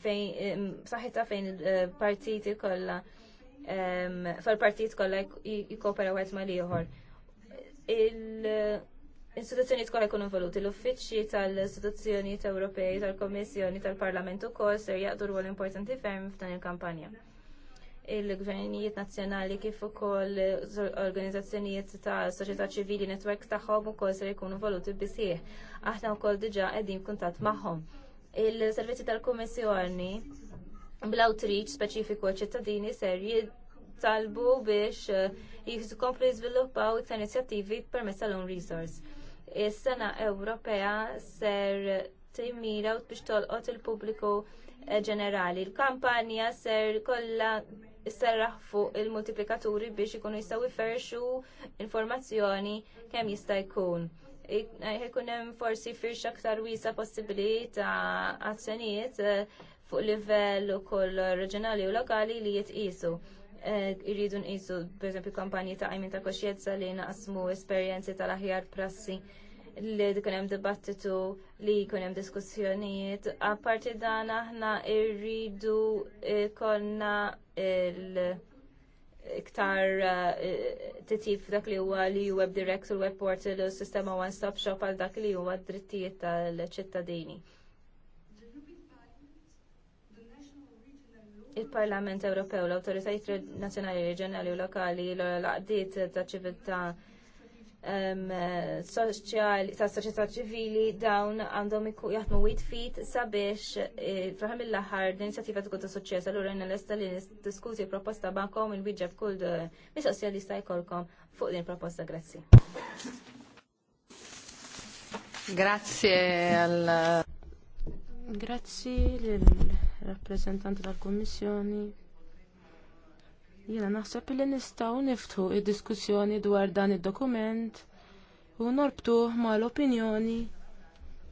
fejn saħħita fejn partiti kollha fil-partit kollha jikopera wieħed mal ieħor. Istituzzjonijiet kollha jkunu involuti l-uffiċċji tal-istituzzjonijiet Ewropej, tal kummissjoni tal-Parlament ukoll ser jaqdu rwol importanti ferm f'dan il-kampanja. Il-gvernijiet nazzjonali kif ukoll organizzazzjonijiet ta' soċjetà ċivili netwerk tagħhom ukoll ser jkunu involuti bisih. Aħna wkoll diġà qegħdin kuntatt magħhom. Il-servizzi tal-Kummissjoni bl-outreach speċifiku ċittadini ser talbu biex jikomplu jizviluppaw iktar inizjattivi permezz tal-own resource is-sena Ewropea ser timmira biex tolqot il-pubbliku eh, ġenerali. Il-kampanja ser kollha serraħ fuq il-multiplikaturi biex ikunu jistgħu jferxu informazzjoni kemm jista' jkun. Ikun hemm forsi firx aktar wiesa possibbli ta' azzjonijiet eh, fuq livell ukoll reġjonali u lokali li jitqisu eh, irridu nqisu, per kampanji ta' għajmin ta' koxjenza li naqsmu esperjenzi tal-aħjar prassi li hemm dibattitu li jkun hemm diskussjonijiet. Apparti dan aħna irridu eh, konna il iktar eh, titif dak li huwa li web direct u web portal u sistema one stop shop għal dak li huwa drittijiet tal-ċittadini. Il-Parlament Ewropew, l-Autoritajiet Nazzjonali Reġjonali u Lokali, l-Laqdiet ta' ċiviltà soċjali, ta' soċjetà ċivili dawn għandhom jaħdmu wit fit sabiex e, fraħem il-laħar l-inizjattiva tkun ta' suċċess allura jna l-esta li diskuti proposta bankom il-biġġa kull mis-sosja li sta' jkollkom fuq din proposta. Grazzi. Grazie al Grazie l rappresentante dal Commissione. Jiena naħseb li nistgħu niftħu id-diskussjoni dwar dan id-dokument u norbtuh mal-opinjoni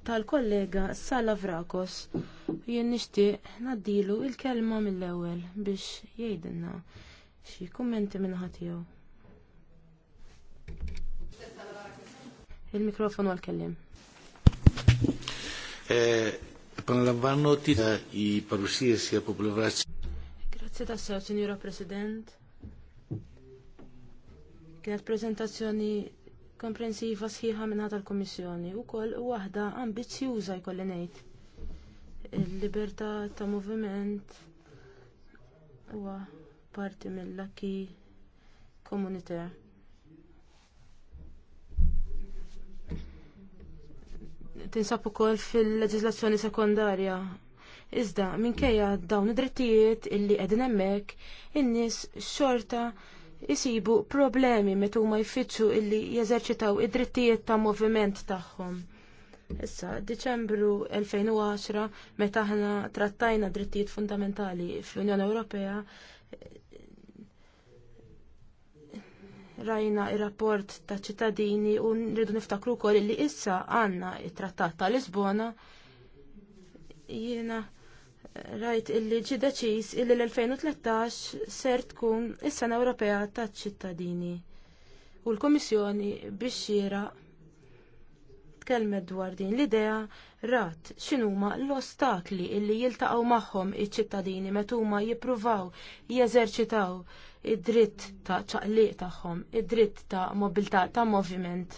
tal-kollega Sala Vrakos. Jien nixtieq naddilu l kelma mill-ewwel biex jgħidilna xi kummenti minn ħatiju. Il-mikrofon għal-kellim. Pan l-avvanno i parusija si popolarazzjoni. Grazzi ta' sew, Sinjura President. Kienet prezentazzjoni komprensiva sħiħa minn tal-Komissjoni u koll waħda ambizzjuża jkolli ngħid. Il-libertà ta' moviment huwa parti mill-laki komunità. Tinsab ukoll fil leġislazzjoni sekondarja Iżda minkejja dawn id-drittijiet illi qegħdin hemmhekk in-nies xorta jisibu problemi meta huma jfittxu illi jeżerċitaw id-drittijiet ta' moviment tagħhom. Issa, f'Diċembru 2010, meta aħna trattajna drittijiet fundamentali fl-Unjoni Ewropea, rajna ir-rapport ta' ċittadini u nridu niftakru wkoll li issa għandna it-trattat ta' Lisbona jiena rajt illi ġi deċiż illi l-2013 ser tkun is-Sena Ewropea taċ-ċittadini. U l-Komissjoni biex xira tkellmet dwar din l-idea rat x'inhuma l-ostakli illi jiltaqgħu magħhom iċ-ċittadini meta huma jippruvaw jeżerċitaw id-dritt ta' ċaqliq tagħhom, id-dritt ta' mobilità ta' moviment.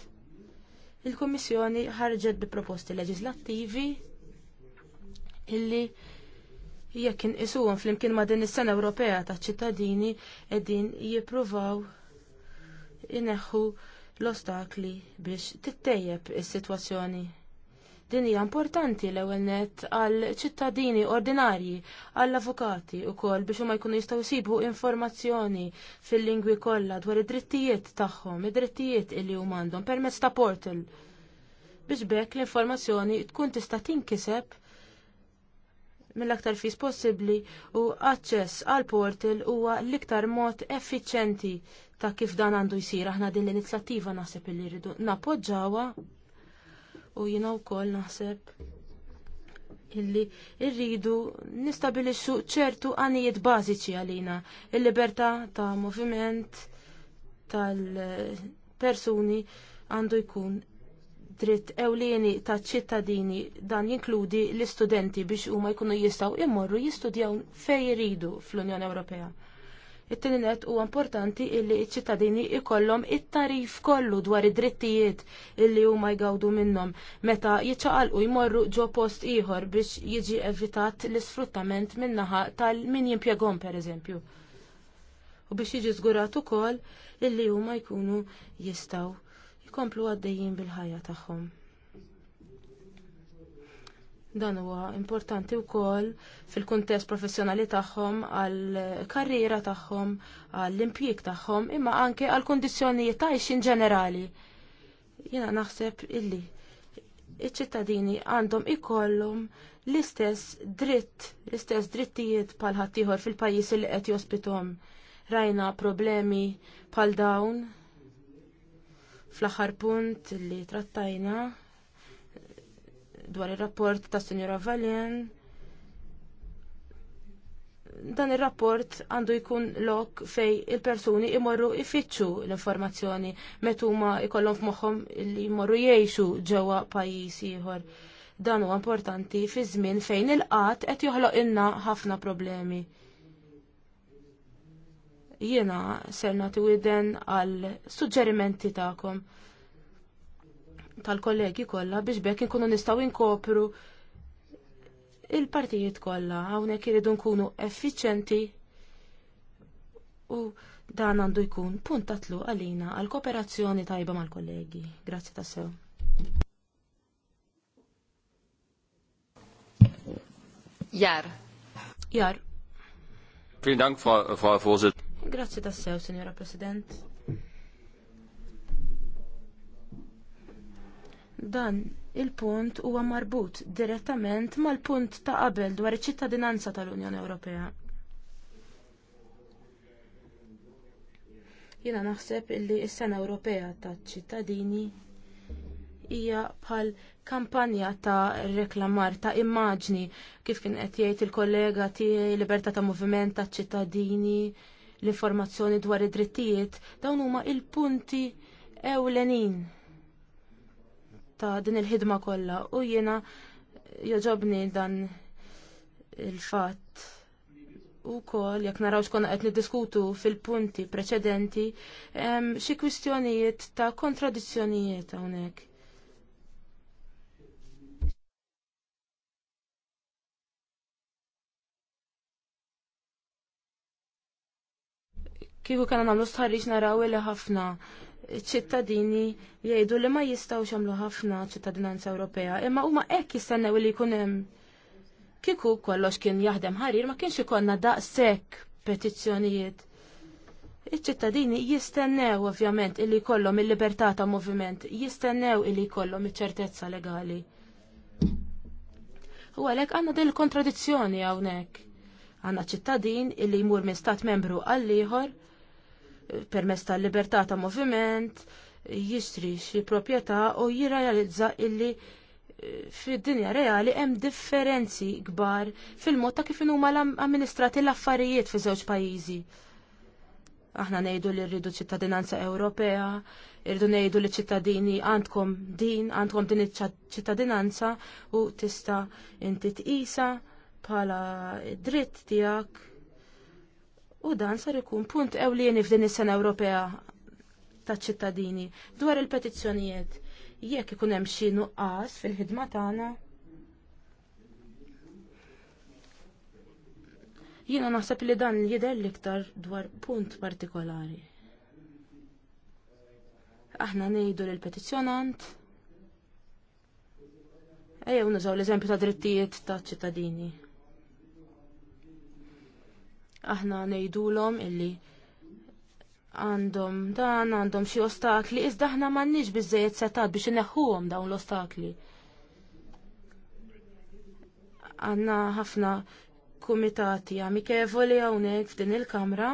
Il-Kummissjoni ħarġet bi proposti leġislattivi illi jekk inqisuhom flimkien ma' din is-sena Ewropea taċ-ċittadini qegħdin jippruvaw ineħħu l-ostakli biex tittejjeb is-sitwazzjoni. Din hija importanti l-ewwel nett għal ċittadini ordinarji, għall avukati wkoll biex huma jkunu jistgħu jsibu informazzjoni fil-lingwi kollha dwar id-drittijiet tagħhom, id-drittijiet illi huma għandhom permezz ta' portal. Biex bekk l-informazzjoni tkun tista' tinkiseb mill-aktar fis possibbli u aċċess għal portal huwa l-iktar mod effiċenti ta' kif dan għandu jsir aħna din l-inizjattiva naħseb li rridu nappoġġawha u jiena wkoll naħseb illi rridu nistabilixxu ċertu għanijiet bażiċi għalina il-libertà ta' moviment tal-persuni għandu jkun dritt ewlieni ta' ċittadini dan jinkludi l-istudenti biex huma jkunu jistgħu immorru jistudjaw fejn jridu fl-Unjoni Ewropea. It-tieni net huwa importanti illi ċ-ċittadini jkollhom it-tarif kollu dwar id-drittijiet illi huma jgawdu minnhom meta jiċċaqalqu jmorru ġo post ieħor biex jiġi evitat l-isfruttament min-naħa tal-min jimpjegom pereżempju. U biex jiġi żgurat ukoll illi huma jkunu jistgħu jkomplu għaddejjin bil-ħajja tagħhom. Dan huwa importanti wkoll fil-kuntest professjonali tagħhom għall karriera tagħhom, għall impjieg tagħhom, imma anke għall kundizzjonijiet ta' in ġenerali. Jiena naħseb illi iċ-ċittadini għandhom ikollhom l-istess dritt, l-istess drittijiet bħal ħaddieħor fil-pajjiż li qed jospitom. Rajna problemi bħal dawn Fl-aħħar punt li trattajna dwar ir-rapport ta' Sinjora Valien dan ir-rapport għandu jkun lok fej il-persuni imorru ifittxu l-informazzjoni metuma ikollhom f'moħħom li jmorru jgħixu ġewwa pajjiż ieħor. Dan huwa importanti fi żmien fejn il-qatt qed joħloq inna ħafna problemi. Jiena ser nagħti widen għal suġġerimenti tagħkom tal-kollegi kollha biex bekk inkunu nistgħu inkopru il-partijiet kollha hawnhekk iridu nkunu effiċenti. u dan għandu jkun punt tatlu għalina għal kooperazzjoni tajba mal-kollegi. Grazzi tassew. Jar. Jar. Vielen Dank, Frau, Frau Vorsitzende. Grazzi tassew, Signora President. Dan il-punt huwa marbut direttament mal-punt ta' qabel dwar iċ-ċittadinanza tal-Unjoni Ewropea. Jiena naħseb illi s-sena Ewropea taċ ċittadini hija bħal kampanja ta' reklamar ta' immaġni kif kien qed jgħid il-kollega tiegħi libertà ta' moviment taċ ċittadini l-informazzjoni dwar id-drittijiet, dawn huma il-punti ewlenin ta' din il-ħidma kollha u jiena joġobni dan il-fatt u kol, jek naraw xkonna għet diskutu fil-punti preċedenti, xi kwistjonijiet ta' kontradizzjonijiet hawnhekk. Kieku kena namlu stħarriġ naraw li ħafna ċittadini jgħidu li ma jistaw xamlu ħafna ċittadinanza Ewropea, imma huma hekk jistennew li jkun hemm. Kieku kollox kien jaħdem ħarir ma kienx ikonna daqshekk petizzjonijiet. Iċ-ċittadini jistennew ovvjament illi jkollhom il-libertà ta' moviment, jistennew illi jkollhom iċ-ċertezza legali. U għalhekk għandna din il-kontradizzjoni hawnhekk. Għandna ċittadin illi jmur minn stat membru għall ieħor permess tal-libertà ta' moviment, jistri xi proprjetà u jirrealizza illi eh, fid-dinja reali hemm differenzi kbar fil-mod ta' kif huma amministrati l-affarijiet fi żewġ pajjiżi aħna ngħidu li rridu ċittadinanza Ewropea, rridu ngħidu li ċittadini għandkom din, għandkom din ċittadinanza u tista inti tqisa bħala dritt tiegħek. U dan sar ikun punt ewlieni f'din is-sena Ewropea taċ ċittadini dwar il-petizzjonijiet. Jekk ikun hemm xi nuqqas fil-ħidma tagħna. Jiena naħseb li dan jidher l-iktar dwar punt partikolari. Aħna ngħidu lill petizzjonant Ejjew nużaw l-eżempju ta' drittijiet ta' ċittadini aħna ngħidulhom illi għandhom dan għandhom xi ostakli iżda aħna m'għandniex bizzejet setat biex neħuħom dawn l-ostakli. Għanna ħafna kumitati amikevoli hawnhekk f'din il-kamra.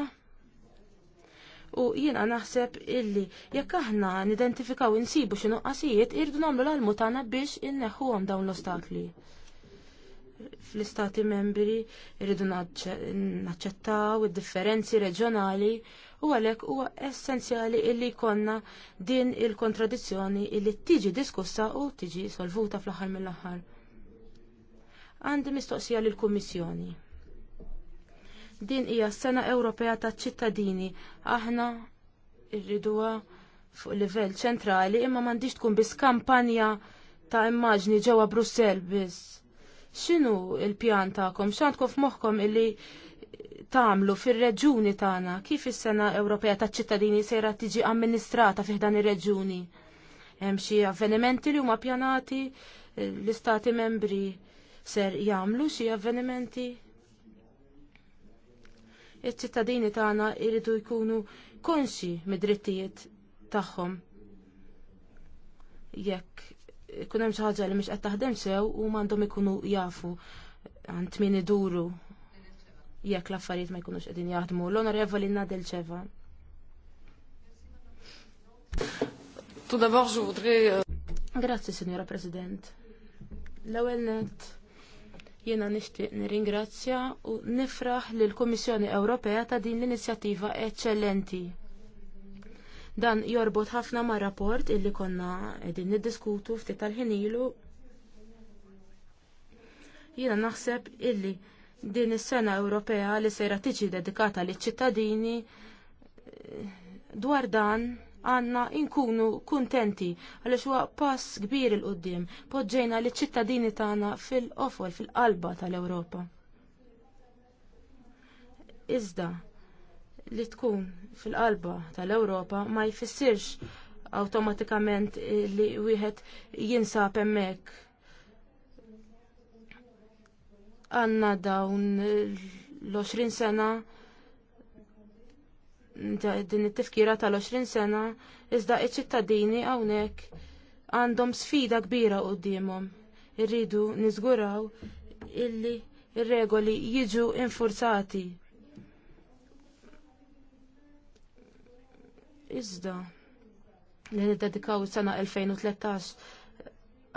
U jiena naħseb illi jekk aħna nidentifikaw insibu xi nuqqasijiet irdu nagħmlu l-almu tagħna biex inneħħuhom dawn l-ostakli fl-istati membri irridu naċċettaw id-differenzi reġjonali u għalhekk huwa essenzjali illi jkollna din il-kontradizzjoni illi tiġi diskussa u tiġi solvuta fl-aħħar mill-aħħar. Għandi mistoqsija lill kummissjoni Din hija sena Ewropea taċ-ċittadini. Aħna rriduha fuq livell ċentrali imma m'għandix tkun biss kampanja ta' immaġni ġewwa Brussell biss x'inhu il-pjan tagħkom, x'għandkom f'moħħkom illi tagħmlu fir-reġuni tagħna, kif is-sena Ewropea taċ-ċittadini sejra tiġi amministrata fih dan ir-reġuni. Hemm xi avvenimenti li huma pjanati eh, l-istati membri ser jagħmlu xi avvenimenti iċ-ċittadini tagħna jridu jkunu konxi mid-drittijiet tagħhom. Jekk kun hemm xi ħaġa li mhux qed taħdem sew u mandom ikunu jafu għant min iduru jekk l-affarijiet ma jkunux qegħdin jaħdmu. L-Onorevoli Nadelċeva. Tu d'abord, je voudrais euh, Grazzi, Signora President. L-ewwel net jiena nixtieq nirringrazzja u nifraħ lill-Kummissjoni Ewropea ta' din l-inizjattiva eċċellenti Dan jorbot ħafna ma' rapport illi konna qegħdin niddiskutu ftit tal-ħinilu. Jiena naħseb illi din is-sena Ewropea li sejra tiġi dedikata liċ ċittadini eh, dwar dan għanna inkunu kuntenti għaliex huwa pass kbir il qudiem poġġejna li ċittadini tagħna fil-qofol fil-qalba tal-Ewropa. Iżda, li tkun fil-qalba tal-Ewropa ma jfissirx awtomatikament li wieħed jinsab hemmhekk. Għanna dawn l-20 sena din it-tifkira tal-20 sena iżda iċ-ċittadini hawnhekk għandhom sfida kbira qudiemhom. Irridu niżguraw illi ir-regoli jiġu infurzati Iżda li niddedikaw is-sena 2013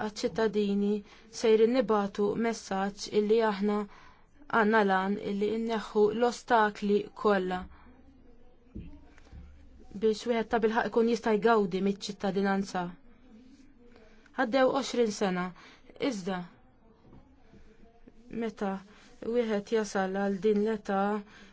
għaċ-ċittadini sejrin nibatu messaġġ illi aħna għandna lan illi nneħħu l-ostakli kollha biex wieħed ta' bilħaq ikun jista' jgawdi miċ-ċittadinanza. Għaddew 20 sena, iżda meta wieħed jasal għal din l-età,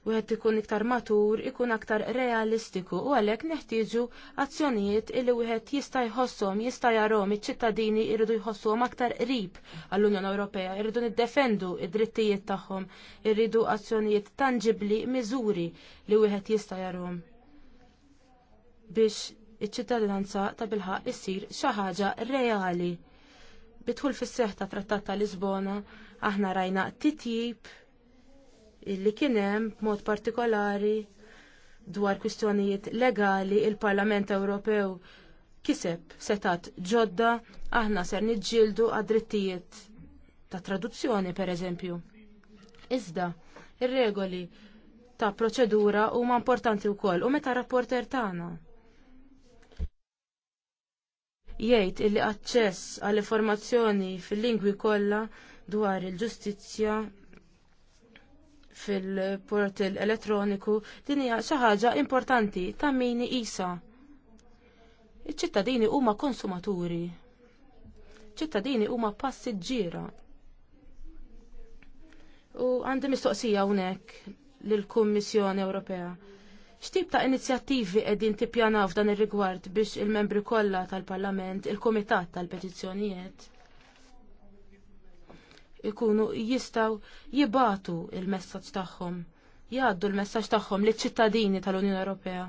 wieħed ikun iktar matur, ikun aktar realistiku u għalhekk neħtieġu azzjonijiet illi wieħed jista' jħossom, jista' jarhom iċ-ċittadini jridu jħossuhom aktar qrib għall-Unjoni Ewropea, irridu niddefendu id-drittijiet tagħhom, irridu azzjonijiet tangibbli, miżuri li wieħed jista' jarhom biex iċ-ċittadinanza ta' bilħaq issir xi ħaġa reali. Bidħul fis-seħħ ta' Trattat ta' Lisbona Aħna rajna titjib illi kien hemm b'mod partikolari dwar kwistjonijiet legali il-Parlament Ewropew kiseb setat ġodda aħna ser niġġieldu għad-drittijiet ta' traduzzjoni pereżempju. Iżda, ir-regoli ta' proċedura huma importanti wkoll u meta rapporter tagħna. Jgħid illi aċċess għall informazzjoni fil-lingwi kollha dwar il-ġustizzja fil-portil elettroniku din hija xi ħaġa importanti ta' min isa. Iċ-ċittadini huma konsumaturi. ċittadini huma passiġġiera. U għandi mistoqsija hawnhekk lill-Kummissjoni Ewropea. X'tip ta' inizjattivi qegħdin tippjanaw f'dan ir-rigward biex il-membri kollha tal-Parlament, il-Kumitat tal-Petizzjonijiet, ikunu jistaw jibatu il-messaġġ tagħhom, jgħaddu l-messaġġ tagħhom liċ ċittadini tal-Unjoni Ewropea.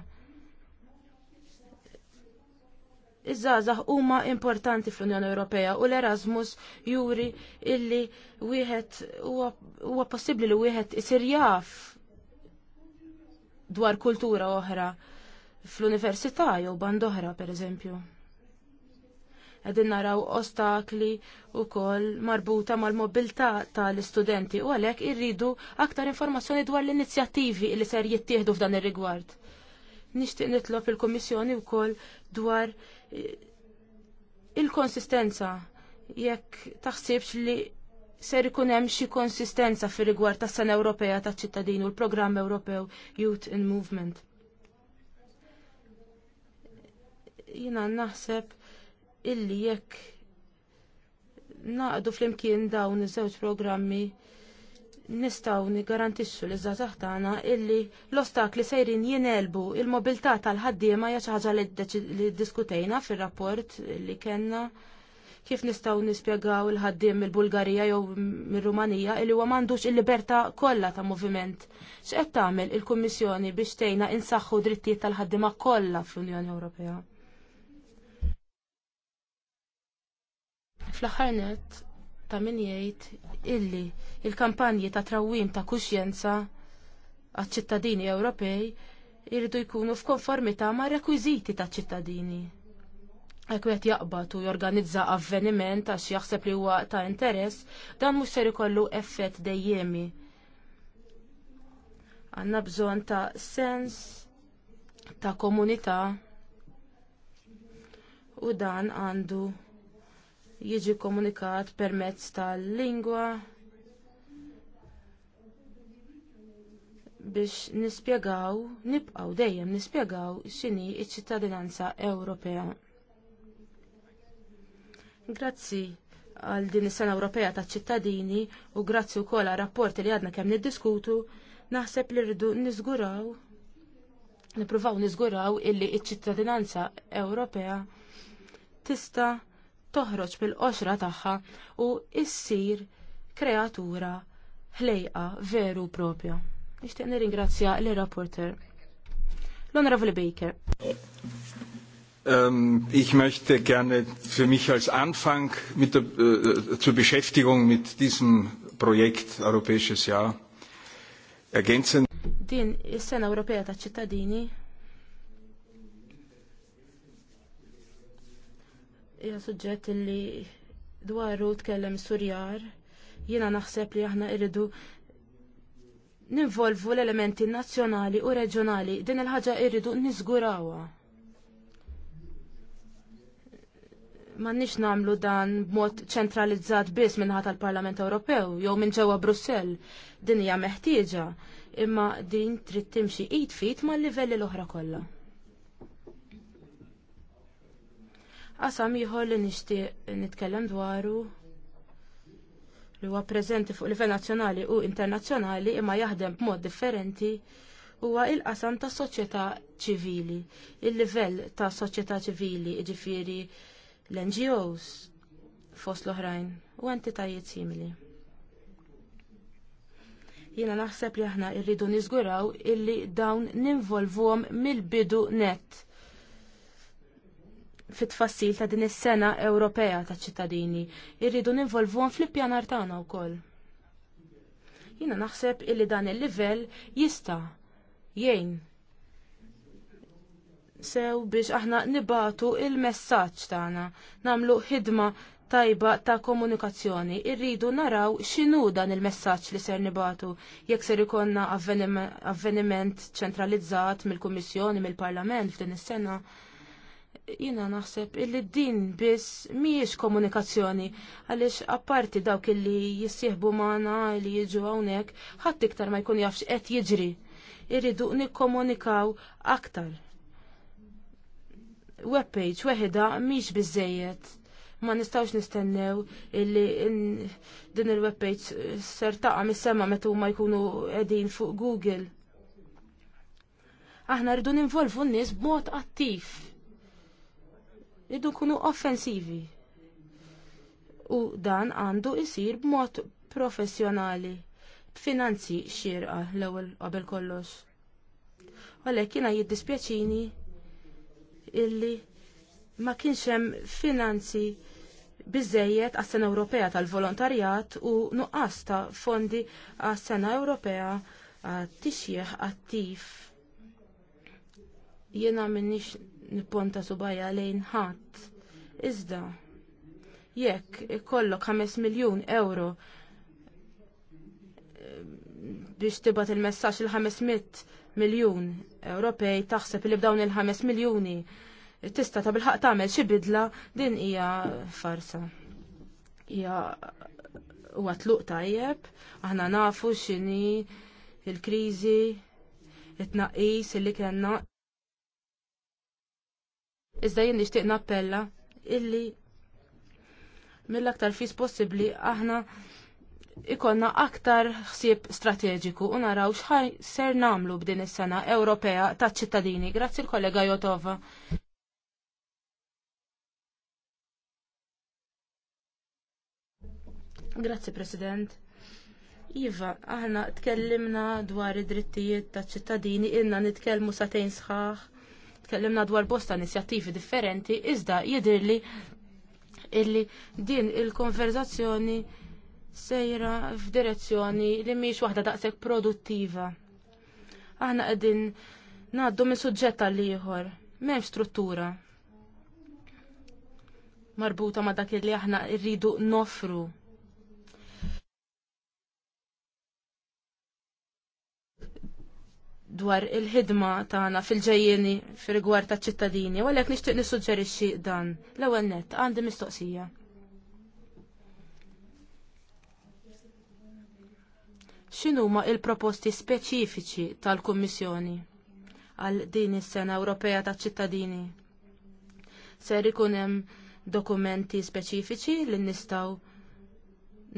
Iż-żgħażagħ huma importanti fl-Unjoni Ewropea u l-Erasmus juri illi wieħed huwa possibbli li wieħed isir jaf dwar kultura oħra fl-università jew band oħra pereżempju. Qegħdin naraw ostakli wkoll marbuta mal-mobilità tal-istudenti u għalhekk irridu aktar informazzjoni dwar l-inizjattivi li ser jittieħdu f'dan ir-rigward. Nixtieq nitlob il-Kummissjoni wkoll dwar eh, il-konsistenza jekk taħsibx li ser ikun hemm xi konsistenza fir rigward tas-Sena Ewropea taċ-ċittadin u l-Programm Ewropew Youth in Movement. Jiena naħseb illi jekk naqdu flimkien dawn iż-żewġ programmi nistaw nigarantixxu li żgħażagħ tagħna illi l-ostakli sejrin jinelbu il-mobilità tal-ħaddiema hija xi ħaġa li ddiskutejna fir-rapport li kellna kif nistgħu nispjegaw il-ħaddiem mill-Bulgarija jew mir-Rumanija illi huwa m'għandux il-libertà kollha ta' moviment. X'qed tagħmel il-Kummissjoni biex tgħinha insaħħu drittijiet tal-ħaddiema kollha fl-Unjoni Ewropea? Fl-aħħar nett ta' min jgħid illi il-kampanji ta' trawwim ta' kuxjenza għaċ-ċittadini Ewropej irridu jkunu f'konformità ma' rekwiżiti ta' ċittadini. Hekk qed jaqbad u jorganizza avveniment għax jaħseb li huwa ta' interess, dan mhux ser ikollu effett dejjemi. Għandna bżonn ta' sens ta' komunità u dan għandu jiġi komunikat permezz tal-lingwa biex nispjegaw, nibqaw dejjem nispjegaw x'inhi ċ-ċittadinanza Ewropea. Grazzi għal din is-sena Ewropea taċ ċittadini u grazzi wkoll għal rapporti li għadna kemm niddiskutu, naħseb li rridu niżguraw nippruvaw niżguraw illi ċ-ċittadinanza Ewropea tista' toħroġ bil-qoxra tagħha u issir kreatura ħlejqa veru propja. Nixtieq nirringrazzja l-rapporter. L-Onorevoli Baker. Ähm, ich möchte gerne für mich als Anfang mit der, äh, zur Beschäftigung mit diesem Projekt Europäisches Jahr ergänzen. Din is-sena Ewropea taċ-ċittadini hija suġġet li dwaru tkellem surjar. Jiena naħseb li aħna irridu ninvolvu l-elementi nazzjonali u reġjonali din il-ħaġa irridu niżgurawha. M'għandniex nagħmlu dan b'mod ċentralizzat biss minħata tal-Parlament Ewropew jew minn ġewwa Brussell. Din hija meħtieġa imma din trid timxi id fit mal-livelli l-oħra kollha. Qasam ieħor li nixtieq nitkellem dwaru li huwa preżenti fuq livell nazzjonali u internazzjonali imma jaħdem b'mod differenti huwa il-qasam ta' soċjetà ċivili, il-livell ta' soċjetà ċivili, jiġifieri l-NGOs fost l-oħrajn u entitajiet simili. Jiena naħseb li aħna rridu niżguraw illi dawn ninvolvuhom mill-bidu nett fit-tfassil ta' din is-sena Ewropea ta' ċittadini. Irridu ninvolvuhom fl-ippjanar tagħna wkoll. Jiena naħseb illi dan il-livell jista' jgħin sew biex aħna nibatu il-messaġġ tagħna nagħmlu ħidma tajba ta' komunikazzjoni. Irridu naraw x'inhu dan il-messaġġ li ser nibatu jekk ser ikonna avveniment ċentralizzat mill-Kummissjoni mill-Parlament f'din is-sena jina naħseb illi din biss miex komunikazzjoni għaliex apparti dawk illi jissieħbu maħna li jiġu hawnhekk ħadd iktar ma jkun jafx qed jiġri. Irridu nikkomunikaw aktar. Webpage weħda miex biżżejjed Ma nistawx nistennew illi din il-webpage ser taqa' mis-sema meta ma jkunu qegħdin fuq Google. Aħna rridu ninvolvu n-nies b'mod attiv Rridu nkunu offensivi. U dan għandu jisir b'mod professjonali, b'finanzi xirqa l-ewwel qabel kollox. Għalhekk jiena jiddispjaċini illi ma kienx hemm finanzi bizzejiet għas-Sena Ewropea tal-Volontarjat u nuqqas ta' fondi għas-Sena Ewropea għat-tixjeħ attiv. Jena minnix nipponta subajja lejn ħadd. Iżda, jekk ikollok 5 miljun euro eh, biex tibat il-messaġġ il-500 miljun Ewropej taħseb li b'dawn il-5 miljuni tista ta' tagħmel xi bidla din hija farsa. Hija huwa tluq tajjeb, aħna nafu x'inhi il-kriżi, it-tnaqqis li kellna Iżda jien nixtieq nappella illi mill-aktar fis possibbli aħna ikonna aktar ħsieb strateġiku u naraw xħaj ser namlu b'din is-sena Ewropea taċ ċittadini. Grazzi l-kollega Jotova. Grazzi President. Iva, aħna tkellimna dwar id-drittijiet taċ ċittadini, inna nitkellmu satejn sħaħ tkellimna dwar bosta inizjattivi differenti, iżda jidirli illi din il-konverzazzjoni sejra f'direzzjoni li mhix waħda daqshekk produttiva. Aħna qegħdin ngħaddu minn suġġett għal ieħor, m'hemm struttura marbuta ma' dak li aħna rridu nofru dwar il-ħidma tagħna fil-ġejjeni fir-rigward taċ-ċittadini, u għalhekk nixtieq nissuġġerixxi dan. L-ewwel nett għandi mistoqsija. X'inhuma l proposti speċifiċi tal-Kummissjoni għal din is-Sena Ewropea taċ-ċittadini? Ser ikun hemm dokumenti speċifiċi li nistgħu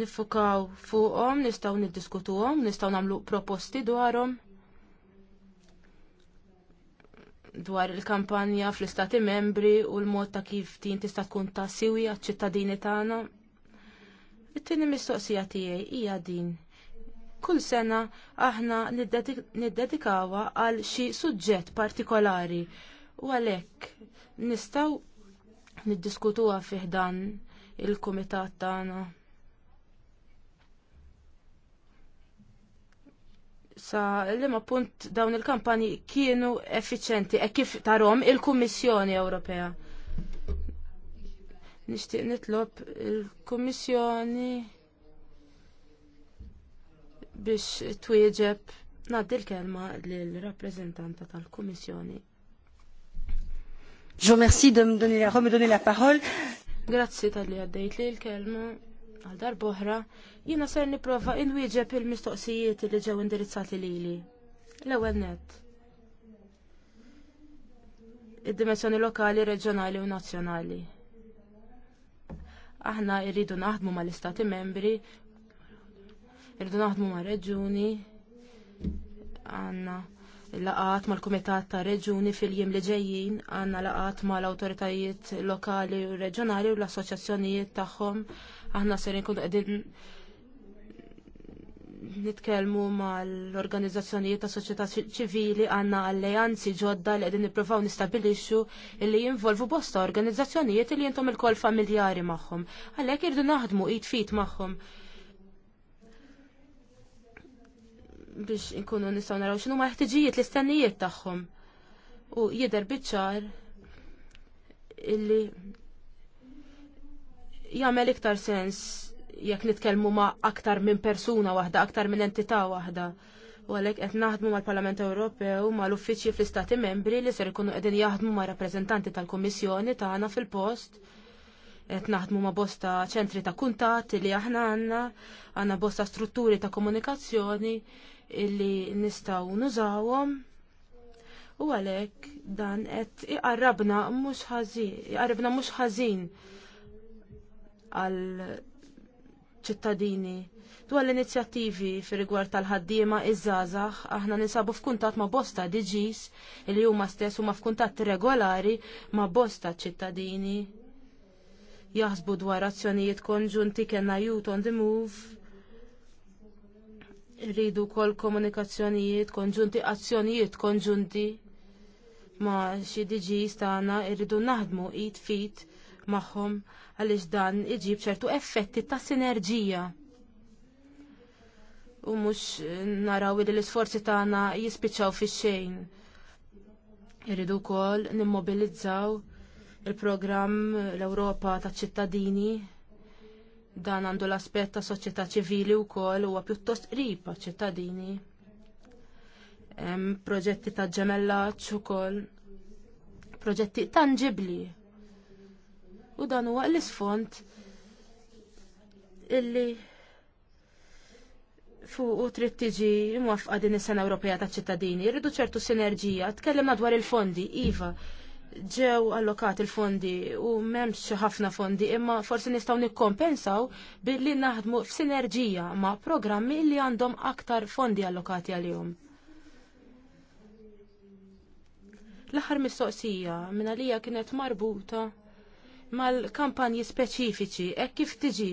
nifukaw fuqhom, nistgħu niddiskutuhom, nistgħu nagħmlu proposti dwarhom dwar il-kampanja fl-istati membri u l-mod ta' kif din tista' tkun ta' siwi ċittadini tagħna. It-tieni mistoqsija tiegħi hija din. Kull sena aħna niddedikawha għal xi suġġett partikolari u għalhekk nistgħu niddiskutuha fih dan il-kumitat tagħna. sa li ma punt dawn il-kampani kienu effiċenti e kif tarom il-Kummissjoni Ewropea. Nishtiq nitlob il-Kummissjoni biex twieġeb naddi l-kelma lill-rappreżentanta tal-Kummissjoni. Je vous remercie de me donner la, me donner la parole. Grazie tal-li għaddejt li l-kelma għal darboħra, jiena ser niprofa inwieġeb il-mistoqsijiet li ġew indirizzati lili. L-ewwel nett. Id-dimensjoni lokali, reġjonali u nazzjonali. Aħna rridu naħdmu mal-istati membri, rridu naħdmu ma reġjuni għandna laqat mal-Kumitat ta' Reġuni fil-jiem li ġejjin għandna laqat l awtoritajiet lokali u reġjonali u l-assoċjazzjonijiet tagħhom aħna ser nkunu qegħdin nitkellmu mal-organizzazzjonijiet ta' soċjetà ċivili għandna alleanzi ġodda li qegħdin nippruvaw nistabilixxu li jinvolvu bosta organizzazzjonijiet li jintom il-kol familjari magħhom. Għalhekk irdu naħdmu id fit magħhom. biex inkunu nistgħu naraw x'inhuma l ħtiġijiet l-istennijiet tagħhom. U jidher biċ-ċar illi jagħmel iktar sens jekk nitkellmu ma' aktar minn persuna waħda, aktar minn entità waħda. U għalhekk qed naħdmu mal-Parlament Ewropew mal-uffiċċji fl-Istati Membri li ser ikunu qegħdin jaħdmu ma' rappreżentanti tal-Kummissjoni tagħna fil-post qed naħdmu ma' bosta ċentri ta' kuntat li aħna għandna, għandna bosta strutturi ta' komunikazzjoni illi nistgħu nużawhom. U għalhekk dan qed iqarrabna mhux ħażin, iqarrabna mhux ħażin għal ċittadini. Dwar l-inizjattivi fi rigward tal-ħaddiema iż żazax aħna ninsabu f'kuntatt ma' bosta diġis li huma stess huma f'kuntatt regolari ma' bosta ċittadini. Jaħsbu dwar azzjonijiet konġunti kellna youth on the move, rridu kol komunikazzjonijiet konġunti, azzjonijiet konġunti ma xi diġis tagħna rridu naħdmu id fit magħhom għaliex dan iġib ċertu effetti ta' sinerġija. U mhux naraw li l-isforzi tagħna jispiċċaw fix-xejn. Irridu kol nimmobilizzaw il-programm l-Ewropa taċ ċittadini dan għandu l-aspett ta' soċjetà ċivili wkoll huwa pjuttost qrib ċittadini proġetti ta' ġemellaċ u kol, proġetti tangibli u dan huwa l-isfond illi fuq u trid tiġi mwafqa din is-sena Ewropea taċ-ċittadini. rridu ċertu sinerġija, tkellimna dwar il-fondi, iva, ġew allokati il-fondi u m'hemmx ħafna fondi, imma forsi nistgħu nikkompensaw billi naħdmu f'sinerġija ma' programmi li għandhom aktar fondi allokati għalihom. L-aħħar mistoqsija minn għalija kienet marbuta mal-kampanji speċifiċi e kif tiġi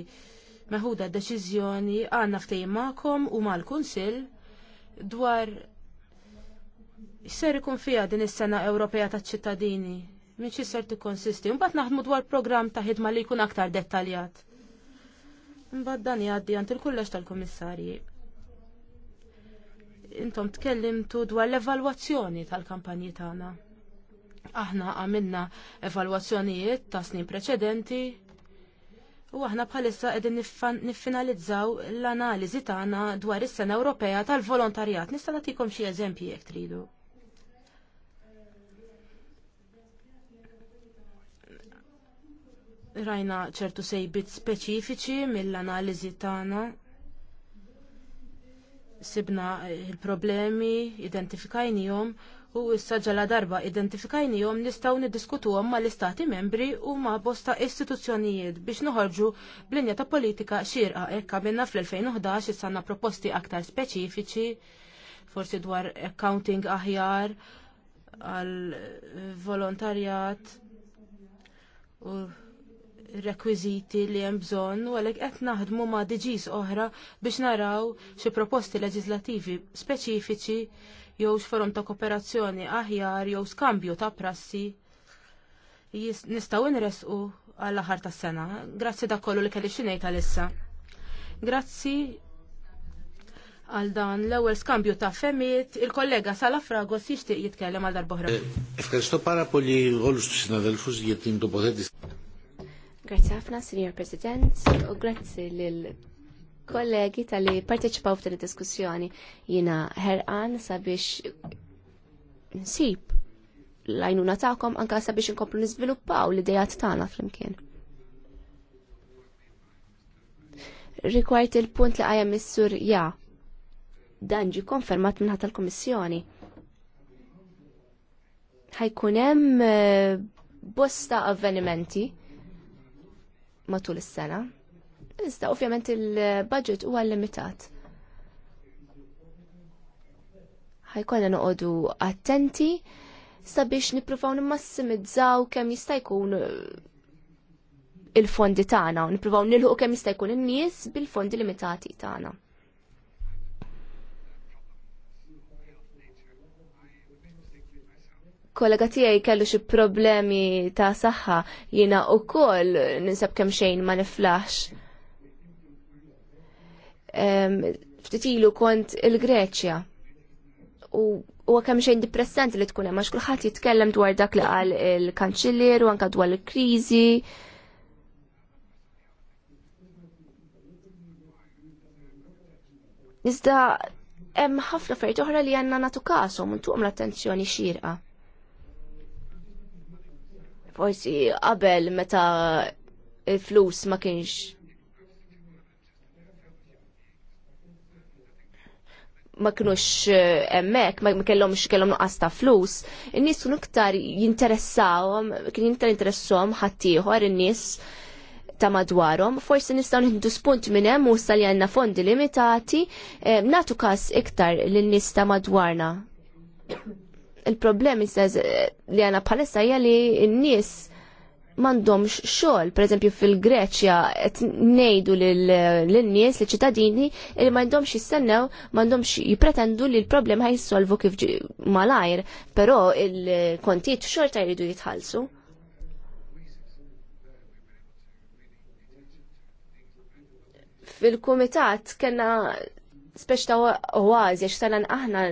meħuda deċiżjoni għanna ftejn magħkom u mal-Kunsill dwar x'ser ikun fija din is-sena Ewropea taċ-ċittadini minn xi ser tikkonsisti. Mbagħad naħdmu dwar programm ta' ħidma li jkun aktar dettaljat. Mbagħad dan jgħaddi għand il-kullex tal-kummissarji. Intom tkellimtu dwar l-evalwazzjoni tal-kampanji tagħna. Aħna għamilna evalwazzjonijiet ta' snin preċedenti u aħna bħalissa qegħdin niffinalizzaw l-analiżi tagħna dwar is-Sena Ewropea tal-Volontarjat. Nista' nagħtikom xi eżempji jekk tridu. rajna ċertu sejbit speċifiċi mill-analiżi tagħna. Sibna il-problemi, identifikajnijom u issa ġala darba jom nistaw niddiskutuhom ma l-istati membri u ma bosta istituzzjonijiet biex nħorġu blinja ta' politika xirqa ekk għamilna fl-2011 s-sanna proposti aktar speċifiċi forsi dwar accounting aħjar għal volontarjat u rekwiziti li hemm bżonn u għalhekk qed naħdmu ma' diġis oħra biex naraw xi proposti leġislativi speċifiċi jew x'forom ta' kooperazzjoni aħjar jew skambju ta' prassi nistgħu nresqu għall aħar tas-sena. Grazzi dak kollu li kelli xi ngħid għalissa. Grazzi għal dan l-ewwel skambju ta' femmit. il-kollega Sala Fragos jixtieq jitkellem għal darbohra. Eh, efkaristo para poli għolus jittin ħafna, Senior President, u grazzi lil kollegi tal-li parteċipaw f'din id-diskussjoni jina ħerqan sabiex nsib l-għajnuna ta'kom anka sabiex nkomplu nizviluppaw l-idejat tagħna flimkien. Rikwajt il-punt li għajja missur ja, dan ġi konfermat minnħat tal-Komissjoni. Ħajkunem eh, bosta avvenimenti matul is-sena Iżda ovvjament il-budget huwa limitat. Ħajkollna noqogħdu attenti sabiex nippruvaw nimmassimizzaw kemm jista' jkun uh, il-fondi tagħna u nippruvaw nilħuq kemm jista' jkun in-nies bil-fondi limitati tagħna. kollega tiegħi kellu xi problemi ta' saħħa jiena wkoll ninsab kemm xejn ma niflax ftit ilu kont il-Greċja. U huwa kemm xejn depressanti li tkun hemm għax kulħadd jitkellem dwar dak li qal il-kanċiller u anke dwar il-kriżi. Iżda hemm ħafna affarijiet oħra li għandna nagħtu każhom u ntuqhom l-attenzjoni xierqa. Forsi qabel meta il-flus ma kienx ma kinux eh, emmek, ma kellhomx kellhom nuqqas ta' flus, in-nies kienu iktar jinteressawhom, kien jinter interessom ħaddieħor in-nies ta' madwarhom, forsi nistgħu nieħdu spunt minn hemm u li għandna fondi limitati, eh, nagħtu każ iktar lin-nies ta' madwarna. Il-problemi eh, li għandna bħalissa hija li n-nies mandomx xogħol, pereżempju fil-Greċja qed ngħidu l nies li ċittadini li m'għandhomx jistennew, m'għandhomx jippretendu li l-problema jissolvu kif malajr, però il-kontijiet xorta jridu jitħallsu. Fil-kumitat kellna speċ ta' oazi għax aħna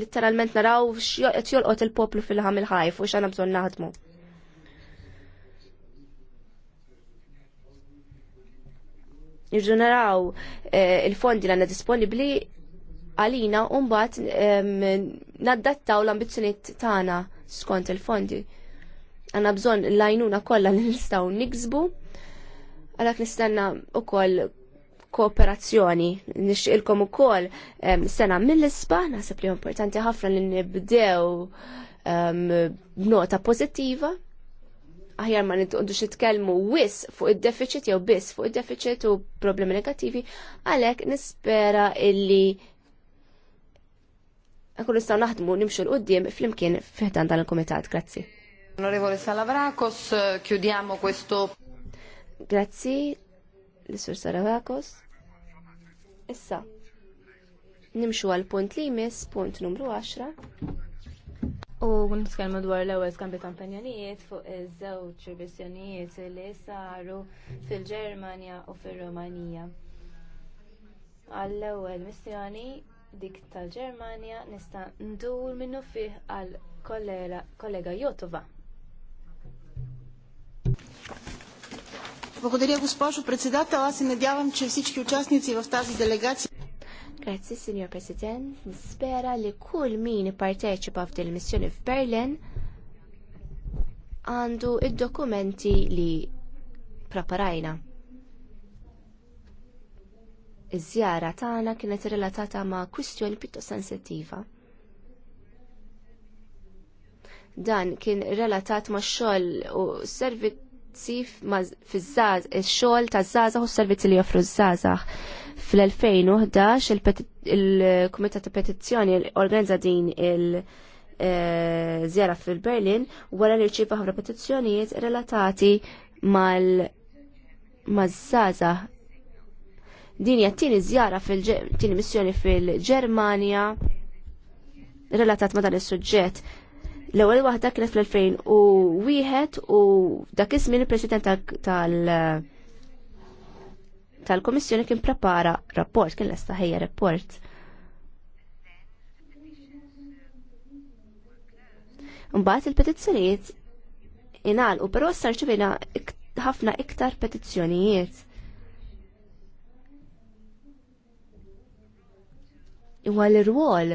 literalment naraw x'jolqot il-poplu fil-ħamil ħajf u x'għandna bżonn naħdmu. nirġunaraw eh, il-fondi l-għanna disponibli għalina unbat naddattaw l-ambizjoniet tagħna skont il-fondi. Għanna bżon l-lajnuna kollha li nistgħu niksbu, nistanna nistenna ukoll kooperazzjoni. Nixtieqilkom ukoll sena mill-isba, naħseb li importanti ħafna li nibdew b'nota pożittiva aħjar ma nitqodux xitkelmu wis fuq id-deficit jew biss fuq id-deficit u problemi negattivi, għalhekk nispera illi nkun nistgħu naħdmu nimxu l-qudiem flimkien fiħdan dan il-kumitat. Grazzi. Onorevole Salavrakos, chiudiamo questo. Grazzi, l-Sur Salavrakos. Issa, nimxu għal punt li jmiss, punt numru 10 U nitkellmu dwar l-ewwel skambi kampanjonijiet fuq iż-żewġ revizjonijiet li saru fil-Ġermanja u fir-Rumanija. Għall-ewwel missjoni dik tal-Ġermanja nista' ndur minnu fih għal kollega Jotova. Благодаря, госпожо председател. Аз се надявам, че всички участници в тази делегация Grazzi, Signor President. Nispera li kull min parteċipa f'dil missjoni f'Berlin għandu id-dokumenti li preparajna. Iż-żjara tagħna kienet relatata ma' kwistjoni pjuttost sensittiva. Dan kien relatat ma' xogħol u servizzi fiż-żgħażagħ, ix-xogħol taż-żgħażagħ u s-servizzi li joffru ż-żgħażagħ Fl-2011 il-Kumitat ta' Petizzjoni organizza din il- eh, zjara fil-Berlin wara li rċieva ħafna petizzjonijiet relatati mal mażaza. Din hija tieni żjara fil-tieni missjoni fil-Ġermanja relatat ma' dan is-suġġett. L-ewwel waħda kienet fl-2001 u dak iż-żmien il-President tal- tal-Komissjoni kien prepara rapport, kien lesta ħejja rapport. Mbagħad il-petizzjonijiet inalqu, però issa rċevina ħafna iktar petizzjonijiet. Iwa l-rwol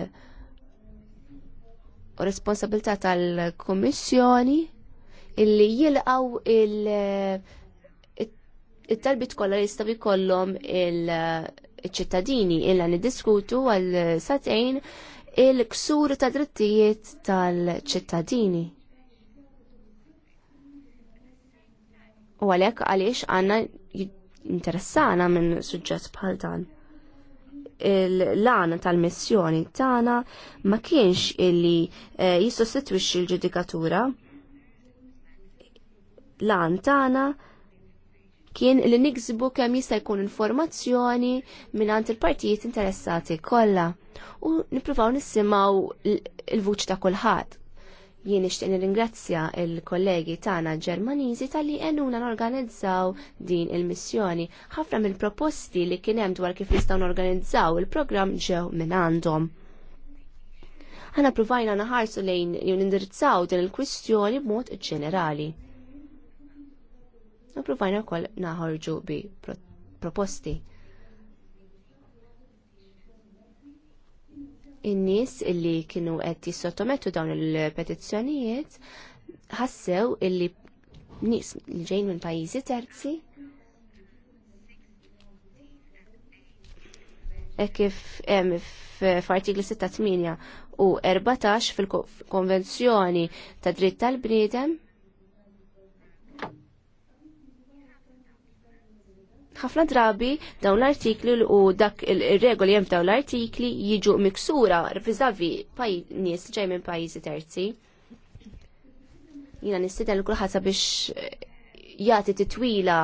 u responsabilità tal-Komissjoni illi jilqaw il-, -il it-talbit kollha jistgħu jkollhom il-ċittadini illa niddiskutu għal satejn il-ksur ta' drittijiet tal-ċittadini. U għalhekk għaliex għandna interessana minn suġġett bħal dan. Il-lan tal-missjoni tagħna ma kienx illi eh, jissostitwixxi l-ġudikatura. Lan tagħna kien li niksbu kemm jista' jkun informazzjoni mingħand il-partijiet interessati kollha u nippruvaw nissimgħu il-vuċ ta' kulħadd. Jien nixtieq nirringrazzja il-kollegi tagħna Ġermaniżi tal-li għenuna norganizzaw din il-missjoni. Ħafna mill-proposti li kien hemm dwar kif nistgħu norganizzaw il-programm ġew minn għandhom ħana provajna naħarsu lejn jew nindirizzaw din il-kwistjoni b'mod ġenerali. Nippruvajna wkoll naħorġu bi proposti. In-nies illi kienu qed jissottomettu dawn il-petizzjonijiet ħassew illi nies li ġejn minn pajjiżi terzi e kif hemm f'artikli 6 u 14 fil-Konvenzjoni ta' dritt tal-bniedem ħafna drabi dawn l-artikli u dak il-regoli jem dawn l-artikli jiġu miksura vizavi nies ġej minn pajjiżi terzi. Jina nistieden l kulħat sabiex eh, jagħti titwila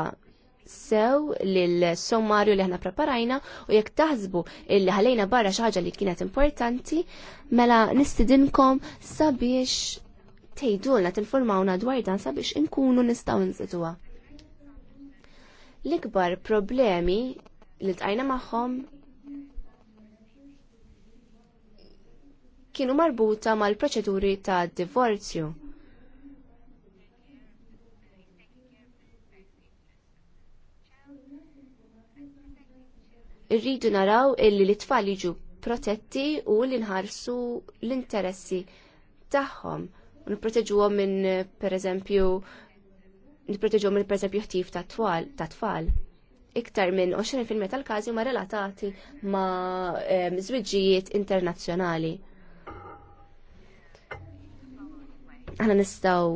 sew l sommarju li ħna preparajna u jekk taħsbu illi ħalejna barra xi ħaġa li kienet importanti, mela nistidinkom sabiex tgħidulna tinformawna dwar dan sabiex inkunu nistgħu nżituha. L-ikbar problemi li tqajna magħhom kienu marbuta mal-proċeduri ta' divorzju. Irridu naraw illi li itfal jiġu protetti u li nħarsu l-interessi tagħhom. Nipproteġuhom minn pereżempju niproteġu mill preżempju ħtif ta' tfal. Iktar minn 20% tal-każi ma' relatati ma' zwiġijiet ehm, internazzjonali. Aħna nistgħu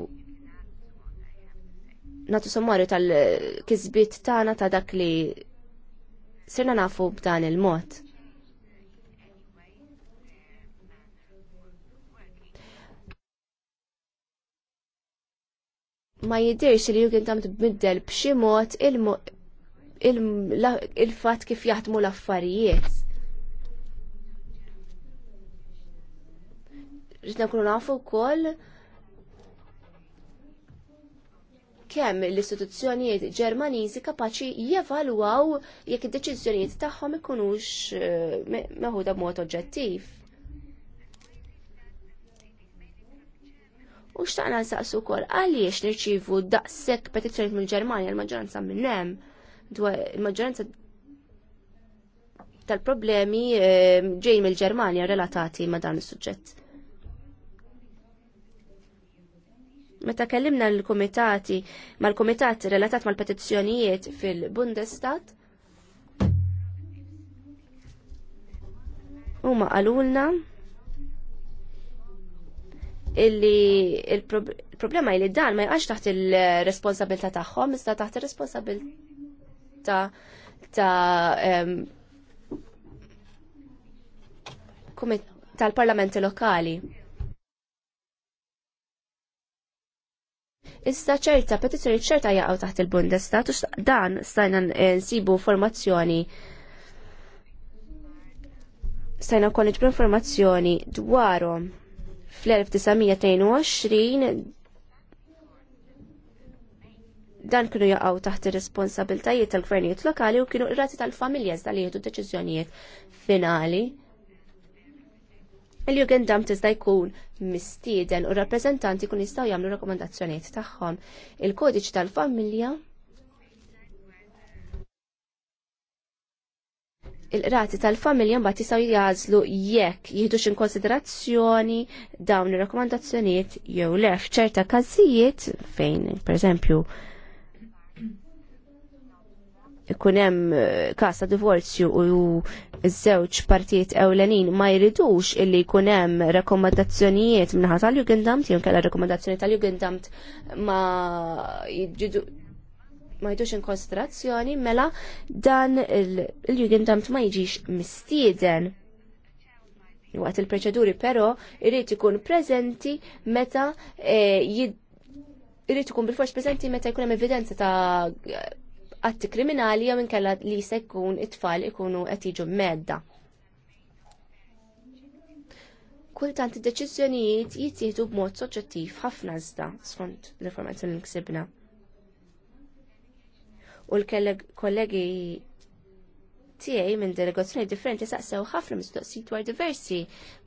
natu sommarju tal-kizbit tagħna ta' dak li sirna nafu b'dan il-mod. ma jidirx li Jugendamt tbiddel b'xi mod il-fatt kif jaħdmu l-affarijiet. Ritna kunu nafu wkoll kemm l-istituzzjonijiet Ġermaniżi kapaċi jevalwaw jekk id-deċiżjonijiet tagħhom ikunux eh, meħuda b'mod oġġettiv. U xtaqna nsaqsu kol għaliex nirċivu daqsek petizzjoni mill ġermanja l-maġġoranza minn hemm dwar il-maġġoranza tal-problemi ehm, ġejn mill-Ġermanja relatati ma' dan is-suġġett. Meta kellimna l-komitati, mal-komitat relatat mal-petizzjonijiet fil-Bundestat, huma qalulna illi il-problema li dan ma jgħax taħt il-responsabilta tagħhom, iżda taħt il-responsabilta ta' tal-parlamenti lokali. Issa ċerta petizzjoni ċerta jaqgħu taħt il-Bundestat u dan stajna eh, nsibu formazzjoni stajna kollox b'informazzjoni dwarhom fl-1922 dan kienu jaqgħu taħt ir-responsabiltajiet tal-gvernijiet lokali u kienu irrati tal-familja iżda li jieħdu deċiżjonijiet finali. Il-Jugendam tista' jkun mistieden u r rappreżentanti kun jistgħu jagħmlu rakkomandazzjonijiet tagħhom. Il-kodiċ tal-familja il rati tal-familja mbagħad jistgħu jażlu jekk jieħdux inkonsiderazzjoni dawn ir-rakkomandazzjonijiet jew le f'ċerta każijiet fejn pereżempju ikun hemm eh, każ ta' divorzju u ż-żewġ partijiet ewlenin ma jridux illi jkun hemm rakkomandazzjonijiet minħa tal-Jugendamt jew kellha rakkomandazzjoni tal-Jugendamt ma jiġidu ma jidux in mela dan il-jugendamt ma jiġix mistieden. Waqt il-proċeduri però irrit ikun prezenti meta eh, irrit ikun bil-fors preżenti meta jkun hemm evidenza ta' atti kriminali jew inkella li se jkun it-tfal ikunu qed jiġu medda. Kultant id-deċiżjonijiet jittieħdu b'mod soġġettiv ħafna iżda skont l-informazzjoni li ksibna u l-kollegi tiegħi minn delegazzjoni differenti saqsew ħafna mistoqsijiet dwar diversi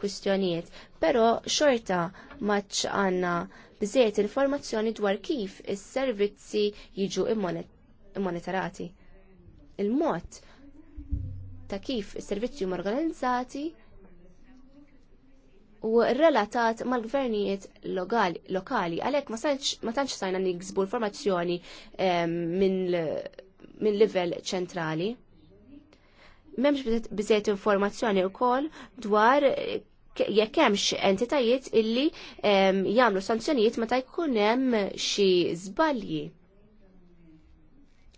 kwistjonijiet, però xorta maċ għandna bżejjed informazzjoni dwar kif is-servizzi jiġu immonitorati. Il-mod ta' kif is-servizzi huma organizzati u relatat mal-gvernijiet lokali. Għalek ma tantx sajna niksbu l-formazzjoni ehm, minn livell ċentrali. Memx bizzejt informazzjoni u kol dwar jekk hemmx entitajiet illi ehm, jagħmlu sanzjonijiet meta jkun hemm xi żbalji.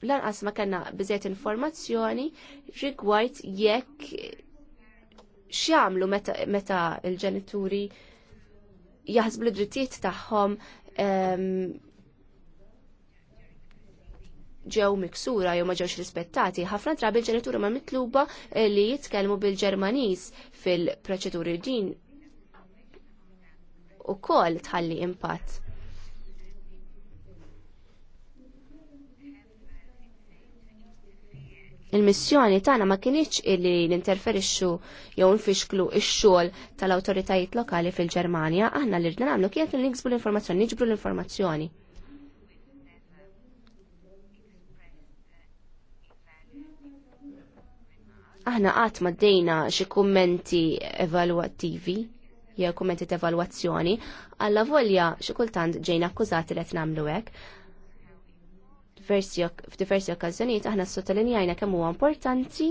Lanqas ma kellna biżejt informazzjoni rigward jekk x'jagħmlu meta, meta l-ġenituri jaħsbu l-drittijiet tagħhom ehm, ġew miksura jew ma ġewx rispettati, ħafna drabi l-ġenituri ma mitluba li jitkellmu bil-Ġermaniż fil-proċeduri din ukoll tħalli impatt. il-missjoni tagħna ma kienx illi ninterferixxu jew nfixklu x-xogħol tal-awtoritajiet lokali fil-Ġermanja, aħna li rridna nagħmlu kienet li niksbu l-informazzjoni, niġbru l-informazzjoni. aħna qatt ma ddejna xi kummenti evalwattivi jew kummenti ta' evalwazzjoni, alla volja xi kultant ġejna akkużati li qed nagħmlu hekk, f'diversi okkażjonijiet aħna sottolinjajna kemm huwa importanti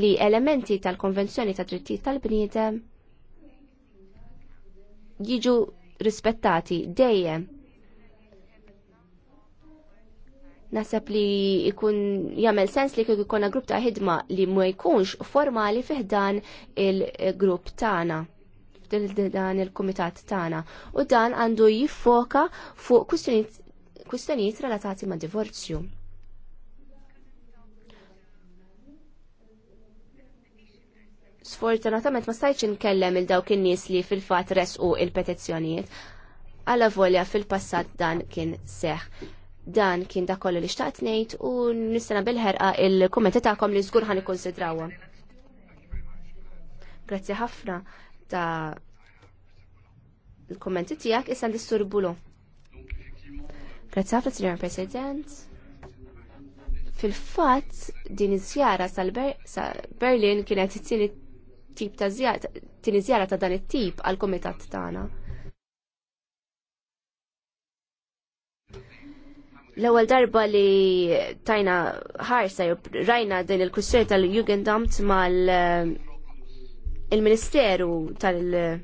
li elementi tal-Konvenzjoni ta' Drittijiet tal-Bniedem jiġu rispettati dejjem. Nasab li ikun jagħmel sens li kieku jkunna grupp ta' ħidma li ma jkunx formali fiħdan il-grupp tagħna dan il-kumitat tagħna u dan għandu jiffoka fuq kwistjonijiet relatati ma' divorzju. Sfortunatament ma stajċ inkellem il-dawk in-nies li fil-fatt resqu il-petizzjonijiet. Alla volja fil-passat dan kien seħ dan kien da kollu li xtaqt ngħid u nistana bil-ħerqa il-kummenti tagħkom li żgur ħan ikkonsidrawha. Grazzi ħafna ta' l-kommenti tijak issa l-disturbulu. Grazie Signor President. Fil-fat, din iż-żjara berlin kienet it-tieni tip ta' żjara, ta' dan it-tip għal-komitat tagħna. l-ewwel darba li tajna ħarsa rajna din il-kwistjoni tal-Jugendamt mal- il-Ministeru tal-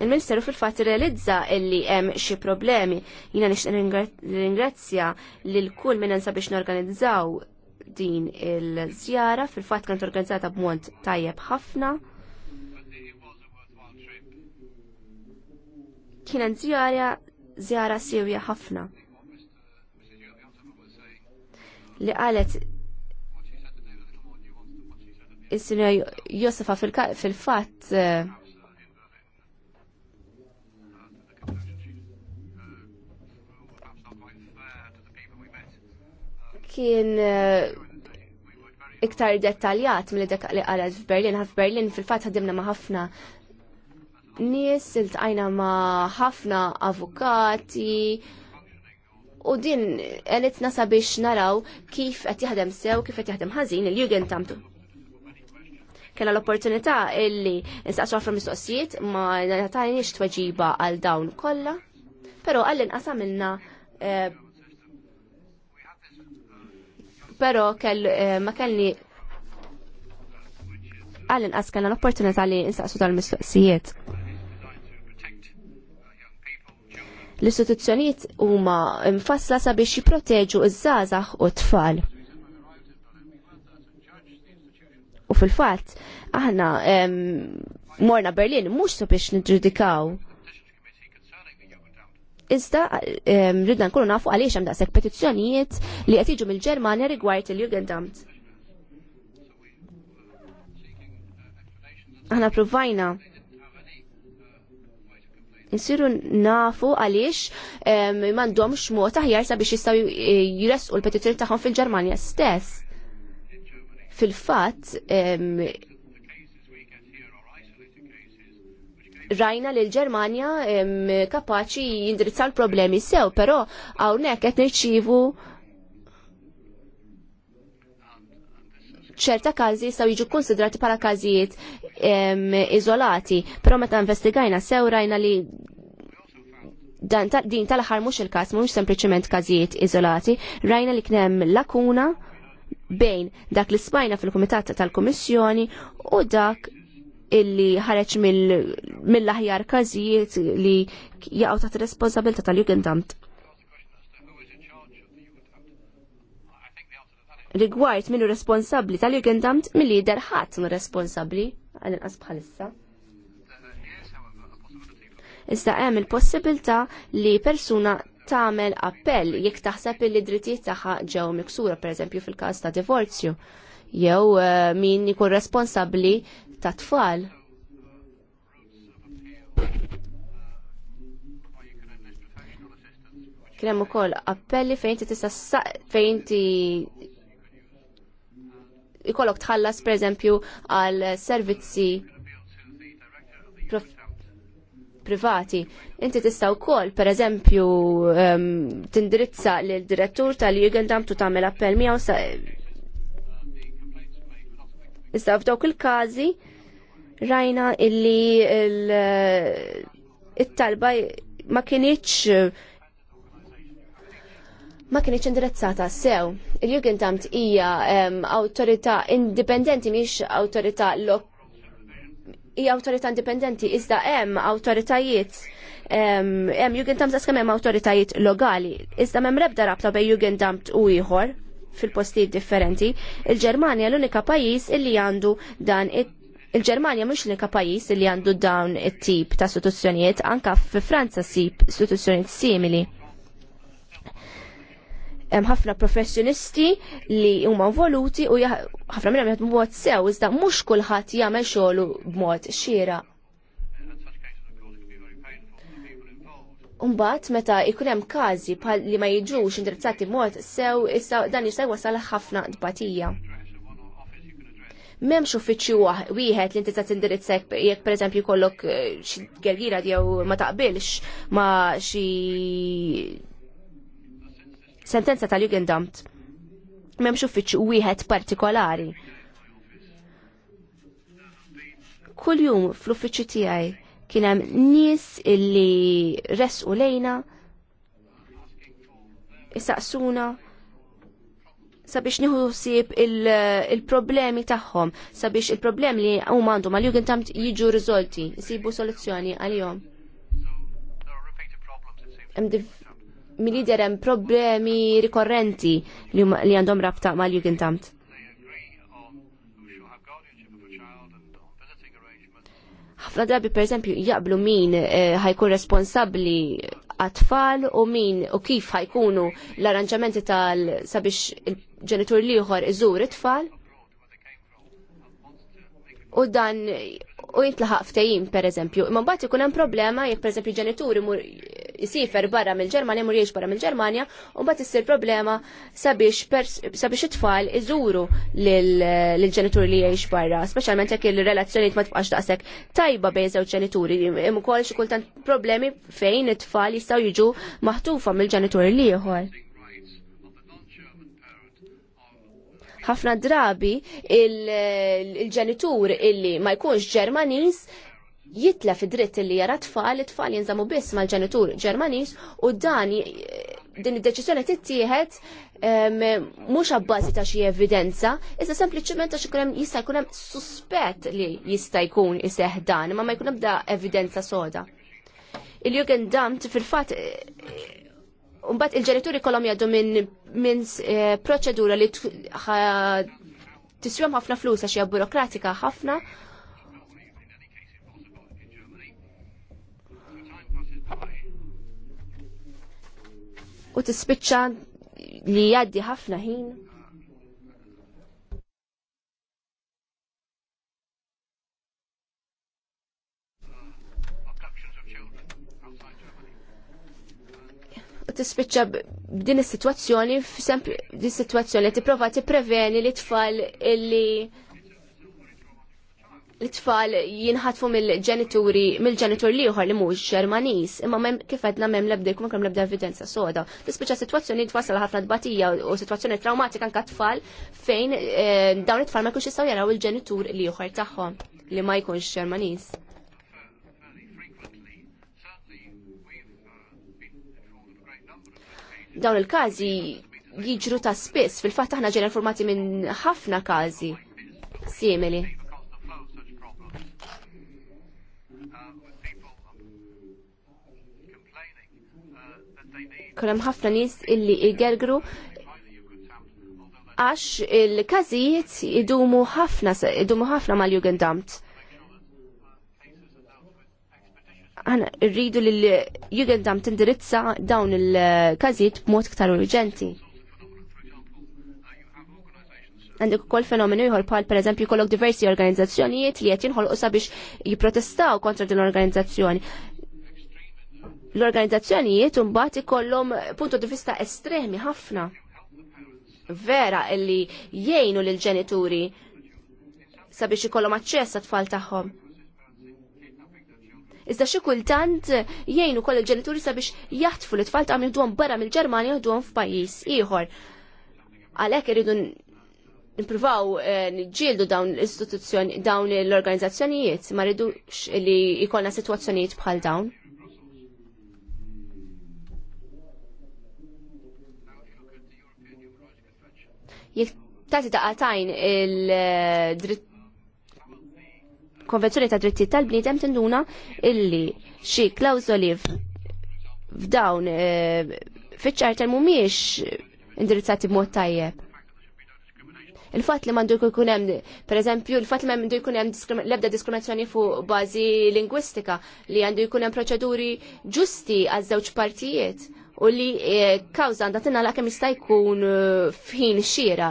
Il-Ministeru fil-fat realizza illi hemm xi problemi. Jina nixtieq ringrazzja lil kull minn nsa biex norganizzaw din il-żjara fil-fatt kant organizzata b'mod tajjeb ħafna. Kienet żjara zjara sewja ħafna. Li qalet il-sinja Josefa fil-fat eh, kien eh, iktar dettaljat mill dak li qalet f'Berlin. Berlin fil fat ħadimna ma' ħafna nies, iltqajna ma' ħafna avukati, u din elitna sabiex naraw kif qed jħadem sew, kif qed jħadem ħazin il jugend tamtu kena l-opportunità illi nsaqsu għafra mistoqsijiet ma natajniex tweġiba għal dawn kollha. pero għallin qasam minna però eh, eh, ma kellni għallin qas kellna l-opportunità li nsaqsu tal-mistoqsijiet. l-istituzzjonijiet huma mfassla sabiex jipproteġu iż żazax u t-tfal. U fil-fatt, aħna morna Berlin mhux so biex niġġudikaw. Iżda ridna nkunu nafu għaliex hemm daqshekk petizzjonijiet li qed jiġu mill-Ġermanja rigward il-Jugendamt. Aħna provajna nsiru nafu għaliex m'għandhomx mod aħjar sabiex jistgħu jresqu l-petizzjoni tagħhom fil-Ġermanja stess fil fat rajna li l ġermania kapaċi jindirizzaw l-problemi sew, però hawnhekk qed neċivu ċerta każi jistgħu jiġu konsidrati bħala każijiet iżolati, però meta investigajna sew rajna li din tal-aħħar mhux il-każ mux sempliċement każijiet iżolati, rajna li kien hemm lakuna bejn dak li smajna fil-Kumitat tal-Kummissjoni u dak illi ħareġ mill-aħjar każijiet li jaqgħu taħt responsabilità tal-Jugendamt. Rigward minnu responsabbli tal-Jugendamt milli jidher ħadd minn responsabbli għal inqas bħalissa. Issa hemm il-possibilità li persuna tagħmel appell jekk taħseb li drittijiet tagħha ġew miksura pereżempju fil-każ ta' divorzju jew eh, min ikun responsabbli ta' tfal. Krem u koll appelli fejn ti tista fejn ti ikollok tħallas pereżempju għal servizzi privati. Inti tista' wkoll, pereżempju, ehm, tindirizza lil direttur tal-Jugendamt u tagħmel appell miegħu sa Issa f'dawk il-każi rajna illi il-talba eh, ma kienieċ ma kienieċ indirizzata sew. Il-Jugendamt hija ehm, awtorità indipendenti miex awtorità lok hija awtorità indipendenti, iżda hemm awtoritajiet hemm Jugendamt għaskem hemm awtoritajiet lokali, iżda m'hemm rebda rabta bej Jugendam u ieħor fil-postijiet differenti. Il-Ġermanja l-unika pajjiż illi għandu dan it Il-Ġermanja mhux l-unika pajjiż li għandu dawn it-tip ta' istituzzjonijiet, anka fi Franza sib istituzzjonijiet simili hemm ħafna professjonisti li huma involuti u ħafna minnhom jaħdmu b'mod sew iżda mhux kulħadd jagħmel xogħlu b'mod xiera. Umbat, meta ikun hemm każi bħal li ma jiġux indirizzati b'mod sew, issa dan jista' wasal ħafna dbatija. M'hemmx uffiċċju wieħed li inti se tindirizza jekk pereżempju jkollok eh, xi gergira jew ma taqbilx ma xi sentenza tal-Jugendamt memx uffiċċju wieħed partikolari. jum fl-uffiċċju tiegħi kien hemm nies illi resqu lejna isaqsuna sabiex nieħu sib il-problemi il tagħhom, sabiex il-problemi li huma għandhom għal jugendamt jiġu riżolti, jsibu soluzzjoni għal-jom mill-lider hemm problemi rikorrenti li għandhom rabta mal-jugendamt. ħafna drabi per jaqblu min eh, ħajkun eh, responsabli tfal u min u kif ħajkunu l-arranġamenti tal sabiex il-ġenitur liħor iżur it-tfal. U dan u jintlaħaq ftejim per eżempju. Imma mbagħad ikun hemm problema jekk per eżempju ġenituri isifer barra mill-Ġermanja mur barra mill-Ġermanja u mbagħad issir problema sabiex it-tfal iżuru l ġenituri li jgħix barra, specialment jekk il-relazzjonijiet ma tibqax daqsek tajba bejn żewġ ġenituri, imu ukoll xi kultant problemi fejn it-tfal jistgħu jiġu maħtufa mill-ġenituri li ieħor. ħafna drabi il-ġenitur illi ma jkunx Ġermaniż jitla fi dritt li jara tfal li tfal jinżamu biss mal-ġenitur Ġermaniż u dan din id-deċiżjoni tittieħed mhux abbażi ta' xi evidenza, iżda sempliċement ta' ikun jista' jkun hemm suspett li jista' jkun iseħ dan, ma ma jkun da evidenza soda. Il-Jürgen Damt fil-fatt Umbat il-ġenituri kolom jaddu minn min, eh, proċedura li tiswem ħafna flus għax hija burokratika ħafna u tispiċċa li jgħaddi ħafna ħin. U tispiċċa b'din is-sitwazzjoni f'sempli din is-sitwazzjoni li tipprova tippreveni li tfal illi l-tfal jinħatfu mill-ġenituri, mill ġenituri li uħar li mhux ġermanis, imma mem kifedna mem lebda jkun kemm lebda evidenza soda. Tispiċa situazzjoni twassal ħafna dbatija u situazzjoni traumatika anka tfal fejn eh, dawn it-tfal ma jkunx jistgħu jaraw il-ġenitur uħar tagħhom li ma jkunx ġermanis. Dawn il-każi jiġru ta' spiss, fil-fatt aħna ġena informati minn ħafna każi simili. Kolem ħafna nis illi igergru għax il-kazijiet idumu ħafna idumu ħafna mal-Jugendamt. Għana rridu li l-Jugendamt indirizza dawn il-kazijiet b'mod ktar urġenti. Għandek kol fenomenu jħol pal per eżempju kollok diversi organizzazzjonijiet li qed jinħolqu sabiex jiprotestaw kontra din organizazzjoni l-organizzazzjonijiet mbagħad ikollhom punto di vista estremi ħafna. Vera illi jgħinu lil ġenituri sabiex ikollhom aċċess għat-tfal tagħhom. Iżda xi kultant jgħinu koll il-ġenituri sabiex jaħtfu l-tfal tagħhom jieħduhom barra mill-Ġermanja jieħduhom f'pajjiż ieħor. Għalhekk iridu nipruvaw ġildu dawn l-istituzzjoni, dawn l-organizzazzjonijiet, ma rridux li jkollna sitwazzjonijiet bħal dawn. jek tagħti għatajn il-dritt konvenzjoni ta' drittijiet tal-bniedem tinduna illi xi klawżoli f'dawn e, fiċ-ċarter mhumiex indirizzati b'mod tajjeb. Il-fatt li mandu jkun hemm, pereżempju, il-fatt li mandu jkun hemm l-ebda diskriminazzjoni fuq bażi lingwistika li għandu jkun hemm proċeduri ġusti għaż-żewġ partijiet u li e, kawza għandha tingħalaq kemm jista' jkun e, f'ħin xira.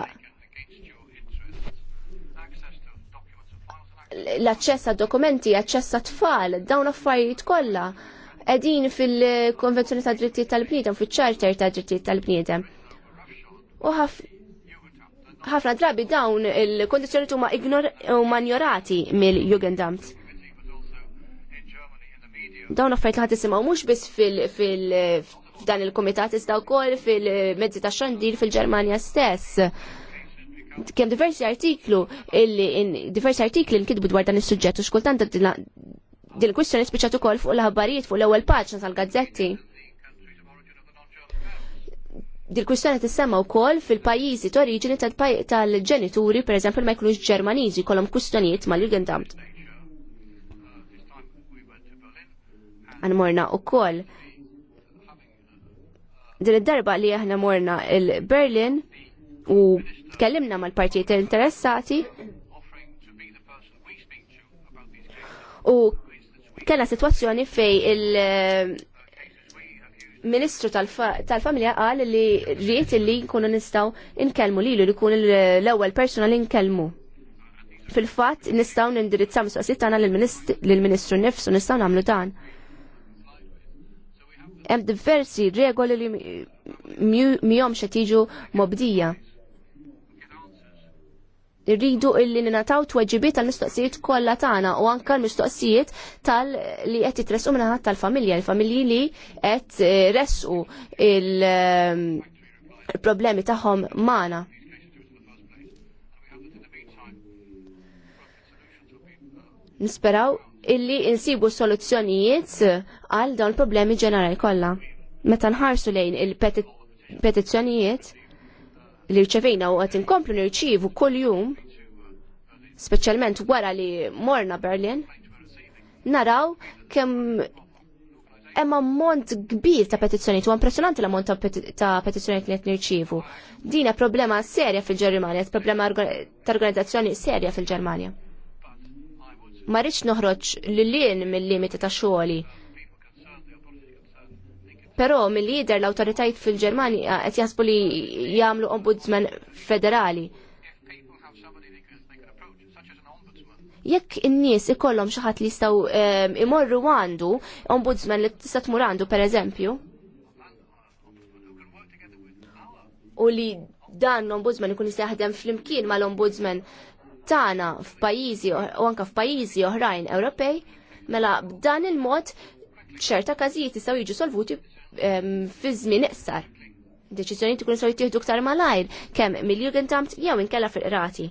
L-aċċess għad dokumenti, aċċess tfal, dawn affarijiet kollha qegħdin fil-Konvenzjoni ta' Drittijiet tal-Bniedem, fiċ-Charter ta' Drittijiet tal-Bniedem. U ħafna drabi dawn il-kondizjoni huma ignorati mill-Jugendamt. Dawn affarijiet li ħad isimgħu mhux biss fil dan il-komitat iżda wkoll fil-mezzi ta' xandir fil-Ġermanja stess. Kem diversi artiklu diversi artikli nkidbu dwar dan is sujġet u xkultant din kwistjoni spiċċat ukoll fuq l-aħbarijiet fuq l-ewwel paġna tal-gazzetti. Dil kwistjoni tissemma wkoll fil-pajjiżi t-oriġini tal-ġenituri, pereżempju ma jkunux Ġermaniżi kollhom kwistjonijiet mal-Jugendamt. morna u koll din id-darba li aħna morna il-Berlin u tkellimna mal-partijiet interessati u kena situazzjoni fej il- Ministru tal-Familja qal li rrit li nkunu nistaw inkelmu lilu li kun l-ewwel persona li nkelmu. Fil-fatt nistaw nindirizzaw mistoqsijiet tagħna lill-Ministru Nifsu nistgħu nagħmlu dan hemm diversi regoli li miegħhom xed jiġu mobdija. Irridu illi ninataw tweġibiet tal-mistoqsijiet kollha tagħna u anke l-mistoqsijiet tal li qed jitresqu ħadd tal-familja, il-familji li qed eh, resqu il-problemi eh, tagħhom magħna. Nisperaw illi insibu soluzzjonijiet għal dawn problemi ġenerali kollha. Meta nħarsu lejn il-petizzjonijiet li rċevejna u għat inkomplu nirċivu kull-jum, speċjalment wara li morna Berlin, naraw kemm hemm ammont kbir ta' petizzjonijiet u impressionanti l-ammont ta', petizzjoniet petizzjonijiet li qed nirċievu. Din problema serja fil-Ġermanja, problema ta' organizzazzjoni serja fil-Ġermanja. Ma rridx noħroġ lil mill-limiti ta' xogħli. Però mill-lider l-autoritajiet fil-Ġermanja qed jasbu li jagħmlu ombudsman federali. Jekk in-nies ikollhom xi ħadd li jistgħu ehm, imorru għandu ombudsman li tista' tmur għandu pereżempju. U li dan l-ombudsman ikun jista' jaħdem fl-imkien mal-ombudsman Tana f'pajjiżi u anke f'pajjiżi oħrajn Ewropej, mela b'dan il-mod ċerta każijiet jistgħu jiġu solvuti ehm, fi żmien iqsar. Deċiżjoni tkun sew jittieħdu ktar malajr kemm mill-Jugendamt jew inkella fil-qrati.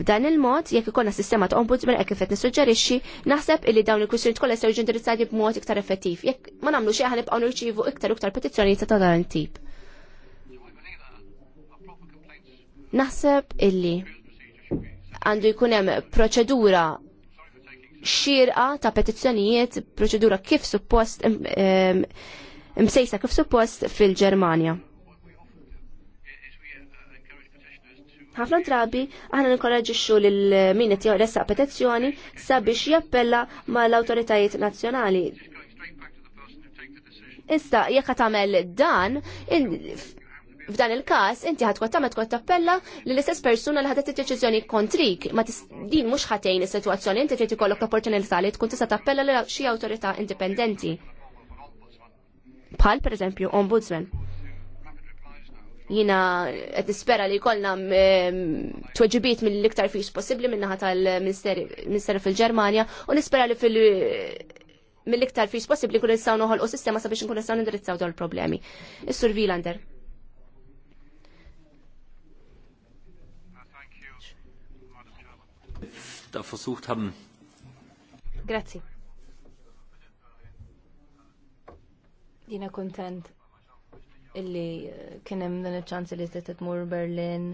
B'dan il-mod, jekk ikonna sistema ta' ombudsman hekk kif qed nissuġġerixxi, naħseb li dawn il-kwistjoni tkollha se jiġu indirizzati b'mod iktar effettiv. Jekk ma nagħmlu xi ħanibqgħu nirċievu iktar iktar petizzjonijiet ta' dan tip. Naħseb illi għandu jkun hemm proċedura xirqa ta' petizzjonijiet, proċedura kif suppost msejsa kif suppost fil-Ġermanja. ħafna drabi aħna ninkoraġixxu lil min qed jressaq petizzjoni sabiex jappella mal-awtoritajiet nazzjonali. Issa jekk tagħmel dan, f'dan il-każ inti ħadd tkun tagħmel tkun tappella li l-istess persuna li ħadet id-deċiżjoni kontrik, ma din mhux ħatejn is-sitwazzjoni inti trid ikollok l-opportunità li tkun tista' tappella lil xi awtorità indipendenti. Bħal pereżempju ombudsman. Jina qed nispera li jkollna ehm, tweġibiet mill-iktar fis possibbli minnaħa tal ministeri fil-Ġermanja u nispera li fil- mill-iktar fis possibbli kun nistgħu noħolqu sistema sabiex nkun nistgħu nindirizzaw dawn il-problemi. Is-Sur Vilander. da versucht haben. Grazie. Jina kontent illi eh, kienem dan il-ċans li t tmur Berlin,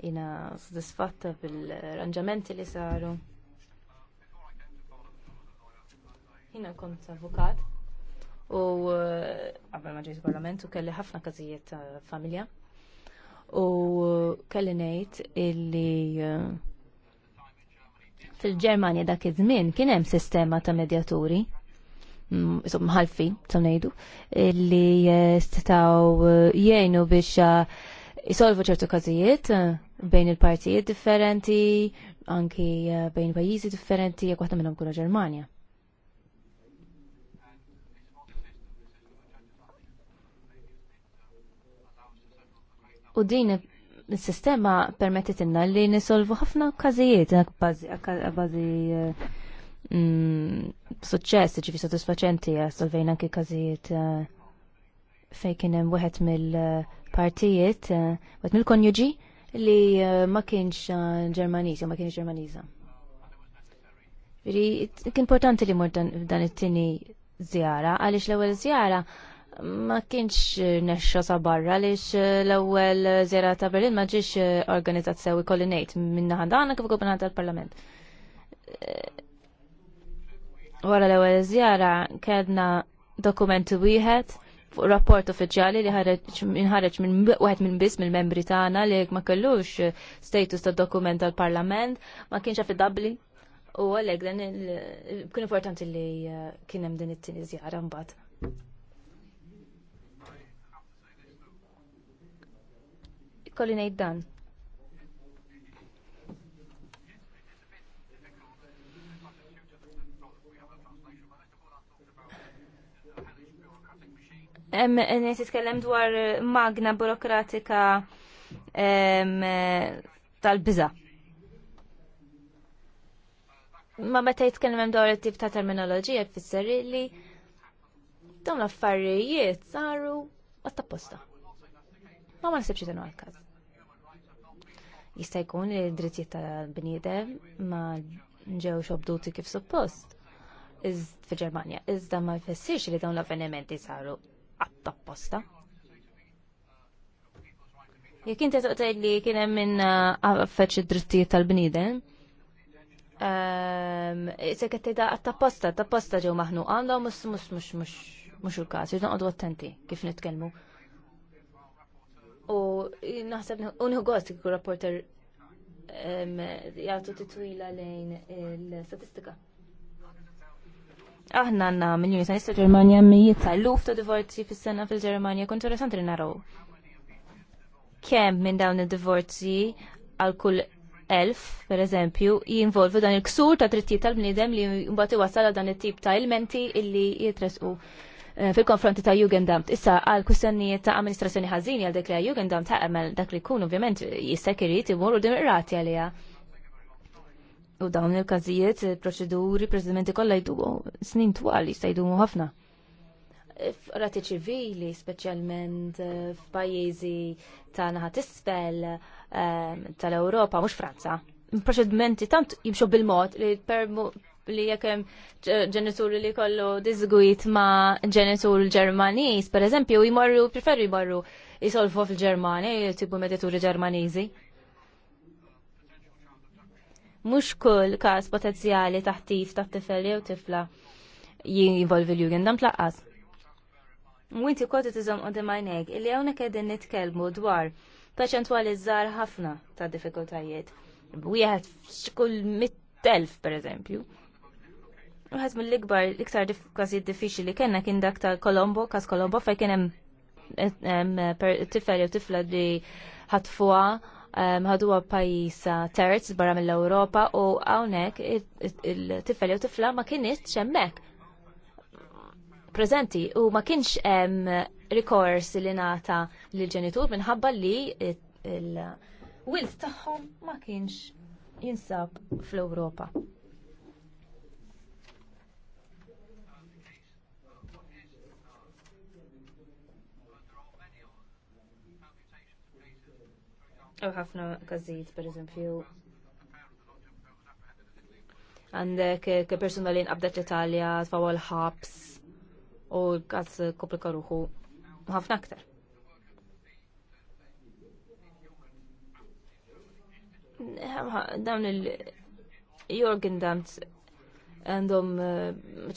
jina sodisfatta bil-ranġamenti li saru. Jina kont avukat u għabel eh, maġġiet parlament u kelli ħafna kazijiet familja u eh, kelli nejt illi uh, Fil-Ġermanja dak iż-żmien kien hemm sistema ta' medjaturi mħalfi, mm, ngħidu, li eh, stetaw eh, jgħinu biex jisolvu eh, ċertu każijiet bejn il-partijiet differenti, anki bejn pajjiżi differenti, jekk waħda minnhom kura Ġermanja. U din il-sistema permettit inna li nisolvu ħafna kazijiet għabazi eh, mm, suċċess ġifi soddisfaċenti eh, solvejn anki kazijiet eh, fej kien hemm wieħed mill-partijiet, wieħed mill-konjuġi li ma kienx Ġermaniż, ma kienx Ġermaniża. kien importanti li mur dan it-tieni zjara, għaliex l-ewwel zjara ma kienx eh, nexxa sa barra lix eh, l-ewwel żjara eh, ta' Berlin ma ġiex organizzazzjoni sewi kollinejt ngħid minnaħa dana kif ukoll tal-Parlament. Wara l-ewwel żjara kedna dokument wieħed fuq rapport uffiċjali li ħareġ minn wieħed minn biss mill-membri tagħna li ma kellux status ta' dokument tal-Parlament, ma kienx affidabbli. U għalhekk dan kien importanti li kien hemm din it-tieni żjara mbagħad. ikolli ngħid dan. Nis iskellem dwar eh, magna burokratika eh, tal-biza. Ma meta jitkellem dwar it-tip ta' terminoloġija jfisser li dawn l-affarijiet saru għatta posta. Ma ma nsibx dan għal-każ. Jista' jkun li d-drittijiet tal-bniedem ma ġewx obduti kif suppost fil-Ġermanja. Iżda ma jfessirx li dawn l-avvenimenti saru għatta apposta. Jek inti toqtej li kien hemm minn ah, affeċ id-drittijiet tal-bniedem, ehm, se qed tgħidha tapposta, tapposta ġew maħnuqa, għandhom mhux mhux mhux mhux il-każ, jiġu noqogħdu attenti kif nitkellmu. U naħseb unħu gost kiku rapporter jgħatu titwila lejn l statistika Aħna għanna miljoni sa' nista' Ġermanja mijiet ta' luft ta' divorzi fis-sena fil-Ġermanja kontu interessanti li naraw. Kemm minn dawn id-divorzi għal kull elf, per eżempju, jinvolvu dan il-ksur ta' drittijiet tal-bniedem li mbagħad wasala dan it-tip ta' ilmenti illi jitresqu Eh, fil-konfronti ta' Jugendamt. Issa għal kustennijiet ta' amministrazzjoni ħażini għal dik li Jugendamt ta' għamel dak li jkun ovvjament jistek irid imorru dim irrati għaliha. U dawn il-każijiet, proċeduri, prezidenti kollha jdu snin twal jistajdu jdumu ħafna. Eh, Rati ċivili, speċjalment eh, f'pajjiżi ta' naħat isfel tal-Ewropa, mhux Franza. Proċedimenti tant jimxu bil-mod li li jekk hemm ġenituri li kollu diżgwit ma' ġenitur Ġermaniż, pereżempju, jmorru preferu jmorru jisolfu fil-Ġermani, tibu medituri Ġermaniżi. Mhux kull każ potenzjali taħtif ta' tifel jew tifla jinvolvi l dan tlaqqas. Mwinti koti tizom u dimajneg, illi hawnhekk qegħdin nitkellmu dwar perċentwali żgħar ħafna ta' diffikultajiet. Wieħed kull mit telf per eżempju. Uħat mill-ikbar, iktar kważi diffiċi li kena kien dak ta' Kolombo, kas Kolombo, fej kienem tifel jew tifla li ħatfuha ħaduwa pajis terz barra mill-Ewropa u hawnhekk il-tifel jew tifla ma kienitx hemmhekk prezenti u ma kienx hemm rikors li nata lil ġenitur minħabba li il-wilt tagħhom ma kienx jinsab fl-Ewropa. U ħafna każijiet pereżempju għandek eh, ke persuna li nqabdet l-Italja, tfawal ħabs u għaz komplika ruħu ħafna aktar. Dawn il-Jorgen Damt għandhom eh,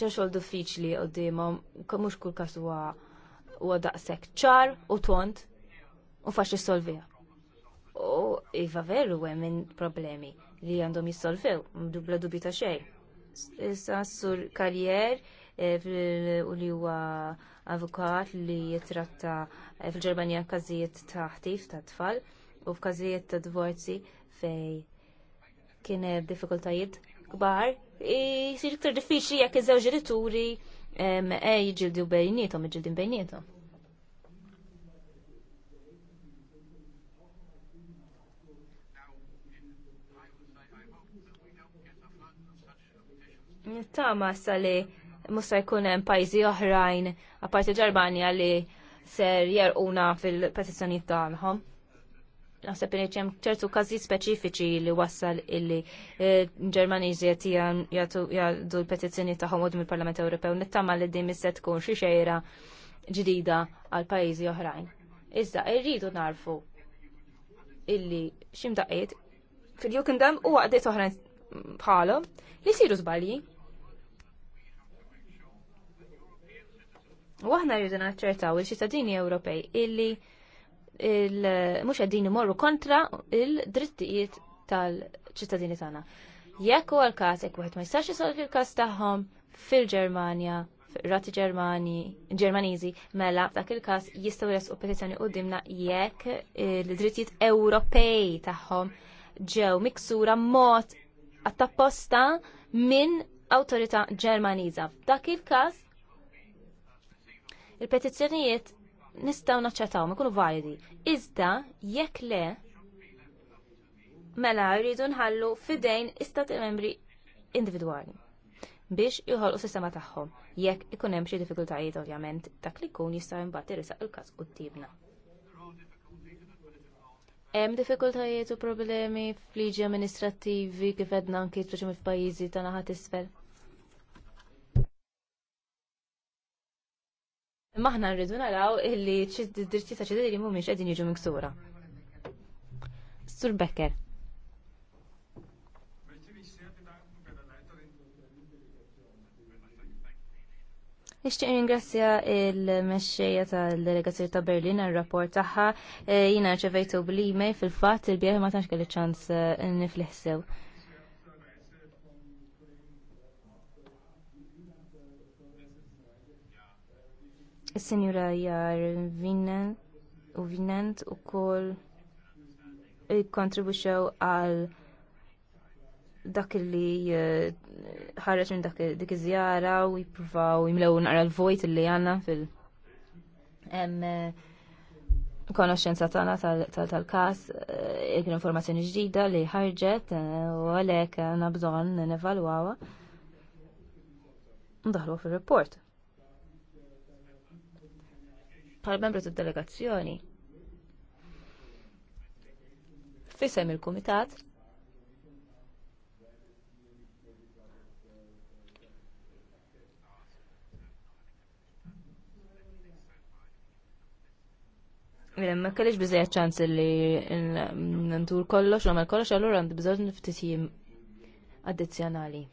ċerxol diffiċli għoddimom, kamux kull kas huwa daqsek ċar u tont u faċ solvija. U iva veru hemm minn problemi li għandhom jissolvew, dubla dubju ta' xejn. Issa sur karjer eh, u li huwa avukat li jitratta eh, fil-Ġermanija każijiet ta' ħtif ta' tfal u f'każijiet ta' divorzi fej kien hemm diffikultajiet kbar. Jsir iktar diffiċli jekk iż-żewġ rituri e jiġildu bejnietom, iġildin bejnietom. Nittama sali musa jkun hemm pajjiżi oħrajn apparti ġarbanja li ser jerquna fil-petizzjonijiet tagħhom. Naħseb li hemm ċertu każi speċifiċi li wassal illi e, Ġermaniżi qed jgħaddu l-petizzjoni tagħhom għodhom il-Parlament Ewropew nittama li din se tkun xi xejra ġdida għal pajjiżi oħrajn. Iżda irridu narfu illi ximdaqiet fil-jukindam u għaddiet oħrajn bħalhom li jsiru żbalji U aħna rridu naċċertaw il-ċittadini Ewropej illi mhux qegħdin imorru kontra il-drittijiet tal-ċittadini tagħna. Jekk huwa l-każ jekk wieħed ma jistax isolvi il-każ tagħhom fil-Ġermanja, rati Ġermani, Ġermaniżi, mela f'dak il-każ jistgħu jresqu petizzjoni qudiemna jekk il-drittijiet Ewropej tagħhom ġew miksura mod għattapposta minn awtorità Ġermaniża. F'dak il-każ il-petizzjonijiet nistaw naċċettaw, ikunu validi. Iżda, jekk le, mela jridu nħallu fidejn istati membri individwali biex jħolqu sistema tagħhom. Jekk ikun hemm xi diffikultajiet ovvjament, dak li jkun jistgħu imbagħad irisaq il-każ qudiebna. Hemm diffikultajiet u problemi f'liġi amministrattivi kif għedna anki f'pajjiżi tagħna ħadd isfel. Imma aħna nridu naraw illi d-dirti ta' ċedili mhumiex qegħdin jiġu miksura. Sur Becker. Ixtieq ringrazzja il-mexxejja tal-delegazzjoni ta' Berlin għar-rapport tagħha eh, jiena ċevejtu bl-email fil-fatt il-bjeħ ma tantx kelli ċans eh, nifliħsew. Is-Sinjura Jar u Vinent u kol għal dak li eh, ħarġ minn dak dik iż-żjara u jippruvaw jimlew naqra l-vojt li għandna fil- eh, konoxenza tagħna tal-każ l eh, informazzjoni ġdida li ħarġet u għalhekk għandna bżonn nevalwawha. Ndaħlu fir-report bħal membru tad-delegazzjoni. Fisem il-Kumitat Mirem, ma kellix bizzejja ċans li n-ntur kollox, l-għamal kollox, għallur għand bizzejja n-ftisim addizjonali.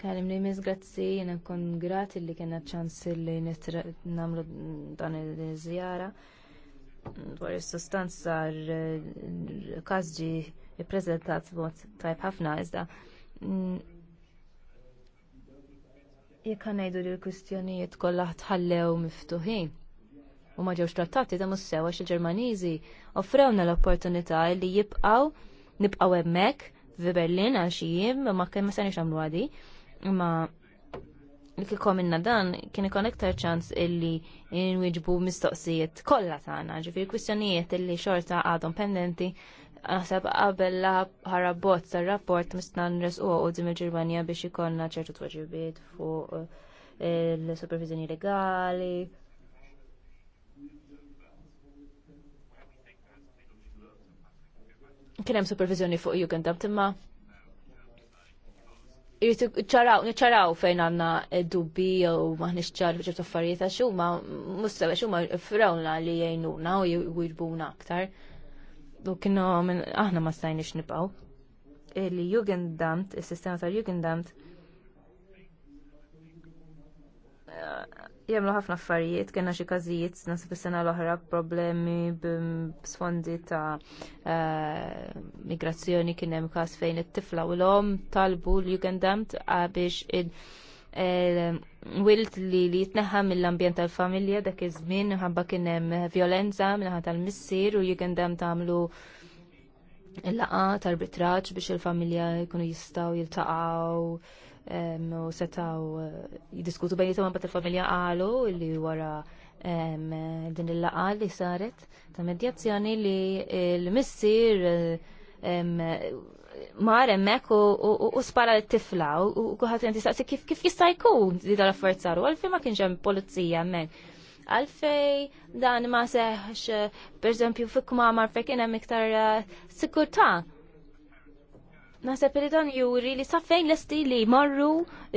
Kalim li mis grazzi, jena kon grati li kena ċans li namlu dan il-zjara. Dwar il-sostanza kazġi prezentat bot tajb ħafna iżda. Jek għanajdu li l-kustjonijiet kollha tħallew miftuħin u ma ġewx trattati da mussew għax xi Ġermaniżi offrewna l-opportunità li jibqgħu nibqgħu hemmhekk fi Berlin għal xi jiem ma kemm ma sanix għamlu għadi Ma kikom inna dan kien ikon iktar ċans illi nwiġbu mistoqsijiet kollha tagħna, ġifieri kwistjonijiet illi xorta għadhom pendenti Naħseb għabel la ħara bozz rapport mistna nresquha qudiem dzimil ġirbanija biex ikollna ċertu tweġibiet fuq eh, il-supervizjoni legali. Kien hemm supervizjoni fuq Jugendamt timma, ċaraw, niċċaraw fejn għanna dubbi u maħni ċar ċert affarijiet għax huma mustawa xuma frawna li jgħinuna u jwirbuna aktar. U kienu aħna ma stajniex nibqgħu. Li Jugendamt, il sistema tal-Jugendamt jagħmlu ħafna affarijiet, kena xi każijiet nasib is-sena l-oħra problemi b'sfondi ta' eh, migrazzjoni kien hemm każ fejn it-tifla u l-om talbu l-Jugendamt biex wilt li li jitneħħa mill-ambjent tal-familja dak iż-żmien ħabba kien hemm violenza minħa tal-missier u jikendem tagħmlu il-laqa tal-arbitraġġ biex il-familja jkunu jistgħu jiltaqgħu u setaw eh, jiddiskutu bejnietom għabat il-familja għalu li wara din il-laqa li saret ta' medjazzjoni li l-missir mar emmek u spara l-tifla u kuħat jenti saqsi kif jista' jkun di dal u għalfi ma kienx hemm polizija emmek għalfej dan ma seħx per eżempju fi kmamar fejn hemm iktar eh, sikurtà Naħseb li dan juri li l lesti li marru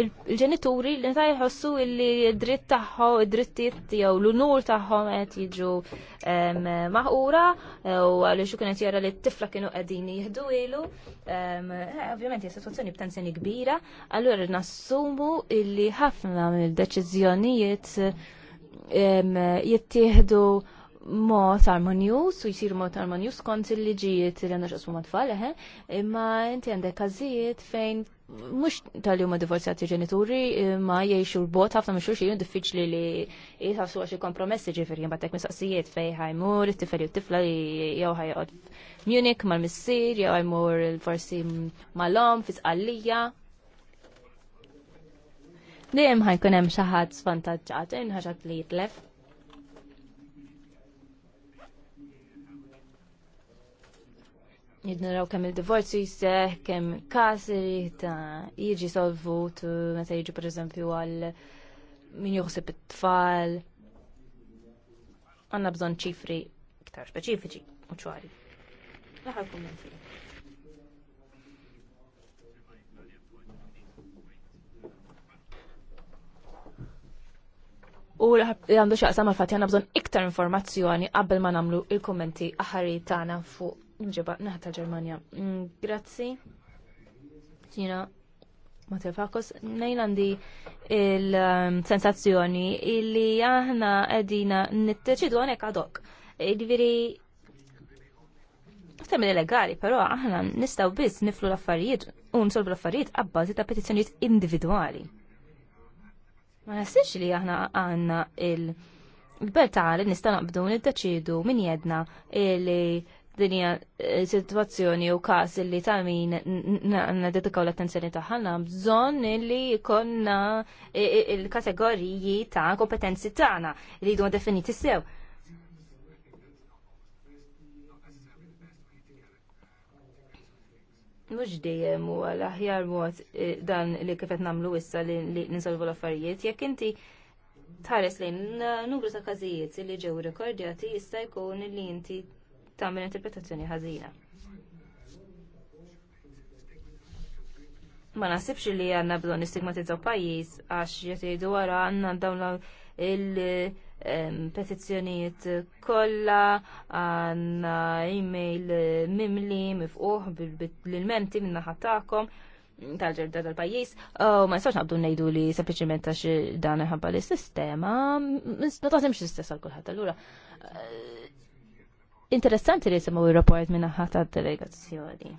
il-ġenituri li ta' jħossu li dritt taħħo, id-drittijiet jew l-unur tagħhom qed jiġu maħura u għalli xukun qed jara li t-tifla kienu qegħdin jieħdu ilu. Eh, ovvjament jessituazzjoni sitwazzjoni b'tensjoni kbira, allura nassumu li ħafna mill-deċiżjonijiet jittieħdu mod armonjus u jisir mod armonjus kont il-liġijiet li għandna xaqsmu matfall, eħe, imma inti għandek każijiet fejn mux tal-li huma divorzjati ġenituri ma jiexu l-bot ħafna mux xie diffiċli li jitħafsu għaxi kompromessi ġifiri jimbatek mistaqsijiet fej ħajmur, t-tifel u t-tifla jew ħajqod Munich mal-missir, jew ħajmur forsi mal-om, sqallija Dejjem ħajkun hemm xi ħadd svantaġġat, inħaġat li jitlef. jidnaraw kemm il-divorzju jisseħ, kemm kasri ta' jiġi solvut, meta jieġi per eżempju għal min juħsib it-tfal. Għanna bżon ċifri iktar speċifiċi u ċwari. Laħar kummenti. U għandu xaqsam għal-fatti għanna bżon iktar informazzjoni qabel ma namlu il-kommenti aħari tagħna fuq Naħat naħta Ġermania. Mm, grazzi. ma tefakos, nejlandi il-sensazzjoni illi aħna edina nittieċidu għanek għadok. Ġviri, Ftemmi legali, pero aħna nistaw biss niflu l-affarijiet u nsolvu l-affarijiet għabbażi ta' petizzjonijiet individwali. Ma nasibx li aħna għanna il- il nistaw naqbdu niddeċidu min jedna li dinja eh, situazzjoni u kas li ta' min dedikaw l-attenzjoni ħana, bżon li konna eh, eh, il-kategoriji ta' kompetenzi tagħna li jidu definiti sew. mux dejjem u għal-aħjar mod dan li kifet namlu issa li ninsolvu l-affarijiet, jekk inti tħares lejn numru ta' każijiet li ġew rekordjati jista' jkun li inti tagħmel interpretazzjoni ħażina. Ma nasibx li għandna bżon nistigmatizzaw pajjiż għax qed jgħidu wara għandna dawn il-petizzjonijiet kollha għandna email mimli mifquħ bil-menti minn naħa tagħkom tal-ġerda tal-pajis, u oh, ma jistax nabdu nejdu li sempliciment għax dan iħabba li sistema, ma taħsimx għal kulħadd. Allura, interessanti li jisimaw il-rapport minna ħata delegazzjoni.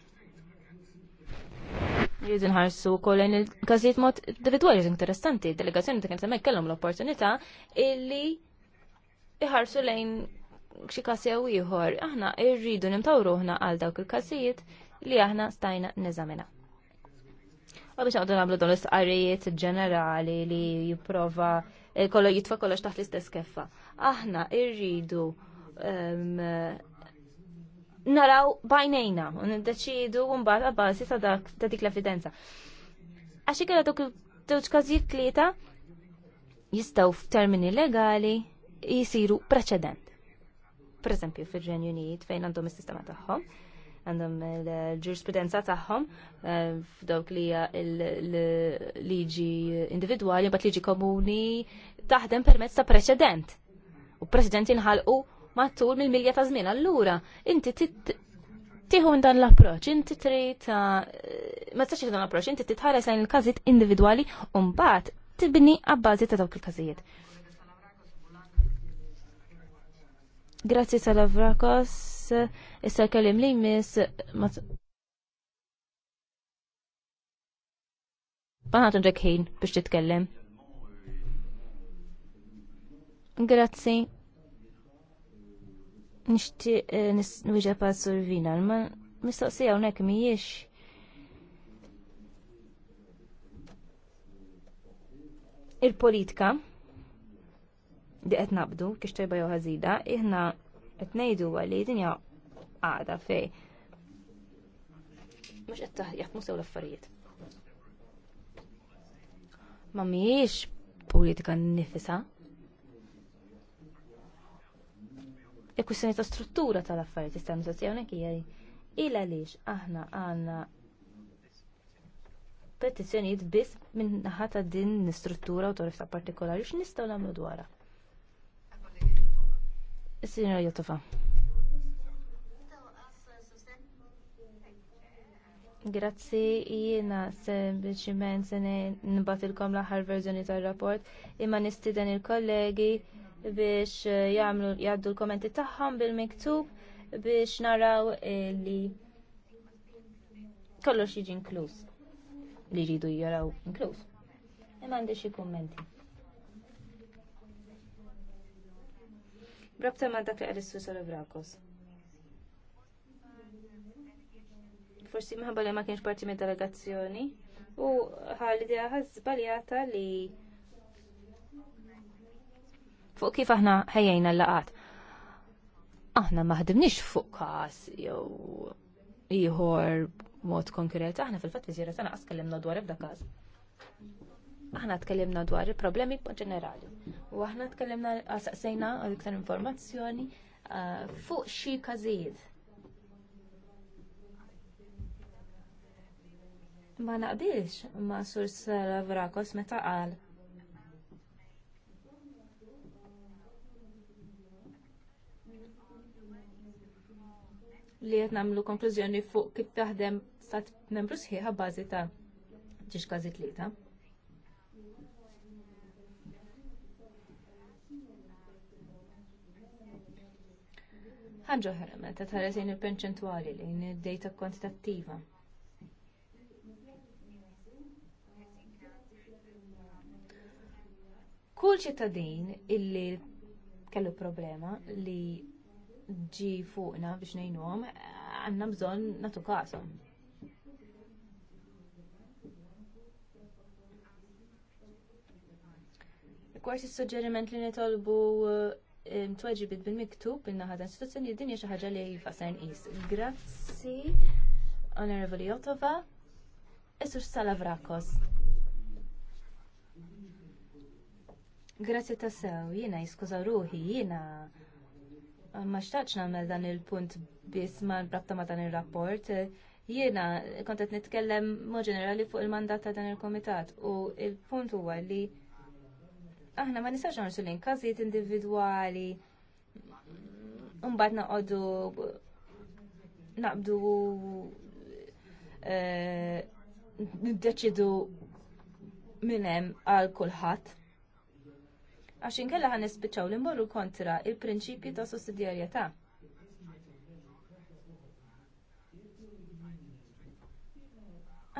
Jridu nħarsu kollin il-kazijiet mod individuali interessanti. Delegazzjoni ta' kien kellhom l-opportunità illi iħarsu lejn xi każ u ieħor. Aħna rridu nimtaw ruħna għal dawk il-każijiet li aħna stajna neżamina. U biex għadu nagħmlu dawn l-istqarrijiet ġenerali li jipprova eh, jitfa kollox taħt l-istess keffa. Aħna rridu Um, naraw bajnejna u niddeċidu mbagħad bażi ta' dak ta' dik l-evidenza. Għax ikelha dok żewġ każijiet tlieta jistgħu f'termini legali jisiru preċedent. Per eżempju, fil-Ġen Unit fejn għandhom is-sistema tagħhom, għandhom il ġurisprudenza tagħhom um, f'dawk li l-liġi individuali bat liġi komuni taħdem permezz ta' preċedent. U preċedent jinħalqu matul mill-milja ta' żmien. Allura, inti tieħu dan l-approċ, inti trid eh, ma tistax dan l-approċ, inti titħares għajn il-każijiet individwali u mbagħad tibni għabbażi ta' dawk il-każijiet. Grazzi Salavrakos. avrakos issa kellim li miss Banħat unġek ħin biex titkellem. Grazzi. Eh, nishti nwija pa' survina, ma mistoqsija unek jiex. Il-politika, di qed nabdu, kiex tajba jew ħażida, iħna qed ngħidu għalli dinja għada fej. Mhux qed taħjaf sew l-affarijiet. Ma mhijiex politika nifisa, il-kwistjoni ta' struttura tal-affarijiet tal-amministrazzjoni hija il għaliex aħna għandna petizzjonijiet biss minn ħata din l-istruttura u torif ta' partikolari x'nistgħu nagħmlu dwarha. Is-sinjora Jotofa. Grazzi, jiena sempliciment se nibatilkom l-aħħar verżjoni tar-rapport imma nistiden il-kollegi biex eh, jagħmlu jgħaddu l-kommenti tagħhom bil-miktub biex naraw eh, li kollox jiġi inkluż li jridu jaraw inkluż. Imma għandi xi kummenti. Rabta ma dak li qal is-Sus Vrakos. Forsi minħabba li ma kienx parti mid-delegazzjoni u ħalli idea ħażbaljata li fuq kif aħna ħejjajna l-laqat. Aħna maħdimniex fuq kas jew ieħor mod konkret, aħna fil-fatt viżjera sana qas kellimna dwar ebda każ. Aħna tkellimna dwar il-problemi ġenerali. U aħna tkellimna għasajna għal iktar informazzjoni uh, fuq xi każijiet. Ma naqbilx ma' Sur Sara Vrakos meta qal li qed nagħmlu konklużjoni fuq kif taħdem stat membru sħiħa bażi ta' ġiex każi tlieta. Ħaġa oħra meta tħaresin il-perċentwali lejn id-data kwantitattiva. Kull ċittadin illi kellu problema li ġi fuqna biex nejnum, għandna bżonn natu kasom. Kwarsi s suġġeriment li nitolbu eh, tweġibit bil-miktub il-naħad istituzzjoni din hija xi ħaġa li sen is. Grazzi, Onorevoli Jotova, Isur Salavrakos. Grazzi tassew, jiena jiskuza ruħi, jiena ma xtaċ namel dan il-punt bis ma rabta ma dan il-rapport. Jiena kontet nitkellem mo ġenerali fuq il-mandat ta' dan il-komitat u il-punt huwa li aħna ma nistax nħarsu lejn każijiet individwali mbagħad naqogħdu naqbdu eh, niddeċidu minn hemm għal kulħadd għax inkella ħan nispiċċaw li mmorru kontra il-prinċipji ta' sussidjarjetà.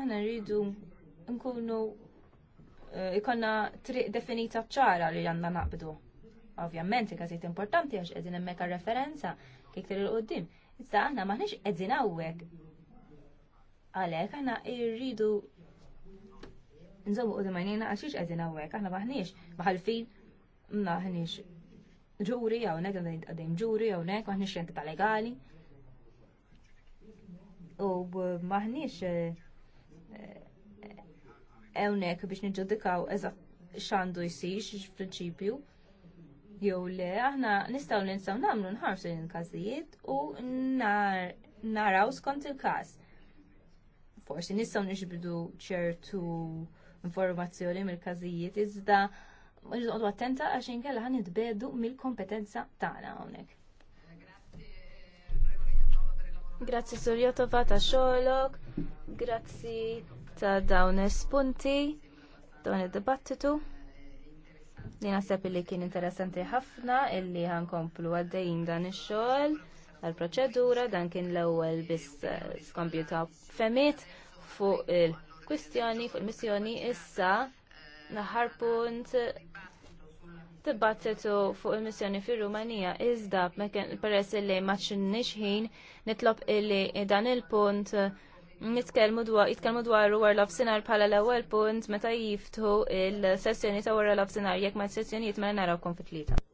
Aħna rridu nkunu eh, ikonna triq definita ċara li għanna naqbdu. Ovvjament, il importanti għax edin emmeka referenza kiktir il-qoddim. Issa għanna maħnix edin għawek. Għalek, għanna irridu nżomu u d-majnina għaxix edin għawek, għanna maħnix maħalfin naħniex ġuri hawnhekk nek, għadim ġuri hawnhekk maħniex ta' legali. U maħniex eh, eh, hawnhekk biex niġġudikaw eżatt x'għandu jsir f'prinċipju. Jew le aħna nistgħu l-insaw nagħmlu nħarsu l-każijiet u naraw skont il-każ forsi nistgħu nġibdu ċertu informazzjoni mill-każijiet iżda irridu għadu attenta għax inkella għan nitbedu mill-kompetenza tagħna hawnhekk. Grazzi Sorjotova ta' xolok, grazzi ta' dawn spunti, dawn id-dibattitu. Li naħseb li kien interessanti ħafna illi komplu għaddejjin dan ix-xogħol tal-proċedura dan kien l-ewwel biss eh, skompju ta' fuq il-kwistjoni fuq il-missjoni issa naħar punt dibattitu fuq il-missjoni fir rumanija iżda peress li ma ċinnix ħin nitlob illi dan il-punt nitkellmu dwar jitkellmu dwar war l bħala l-ewwel punt meta jiftu il-sessjoni ta' war l jekk ma' sessjonijiet ma mela naraw konfitlieta.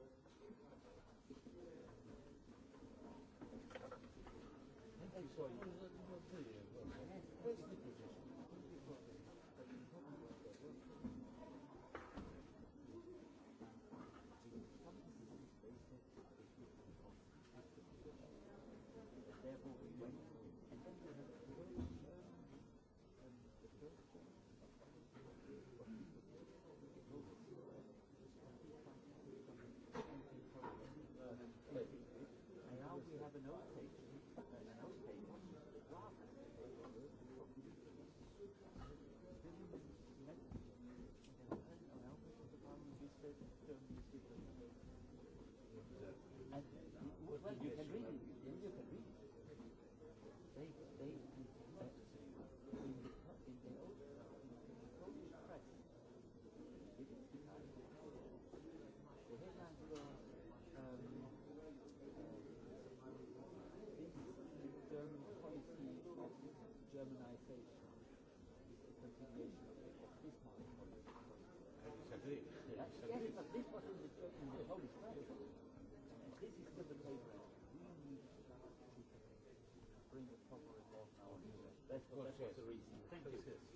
Thank you.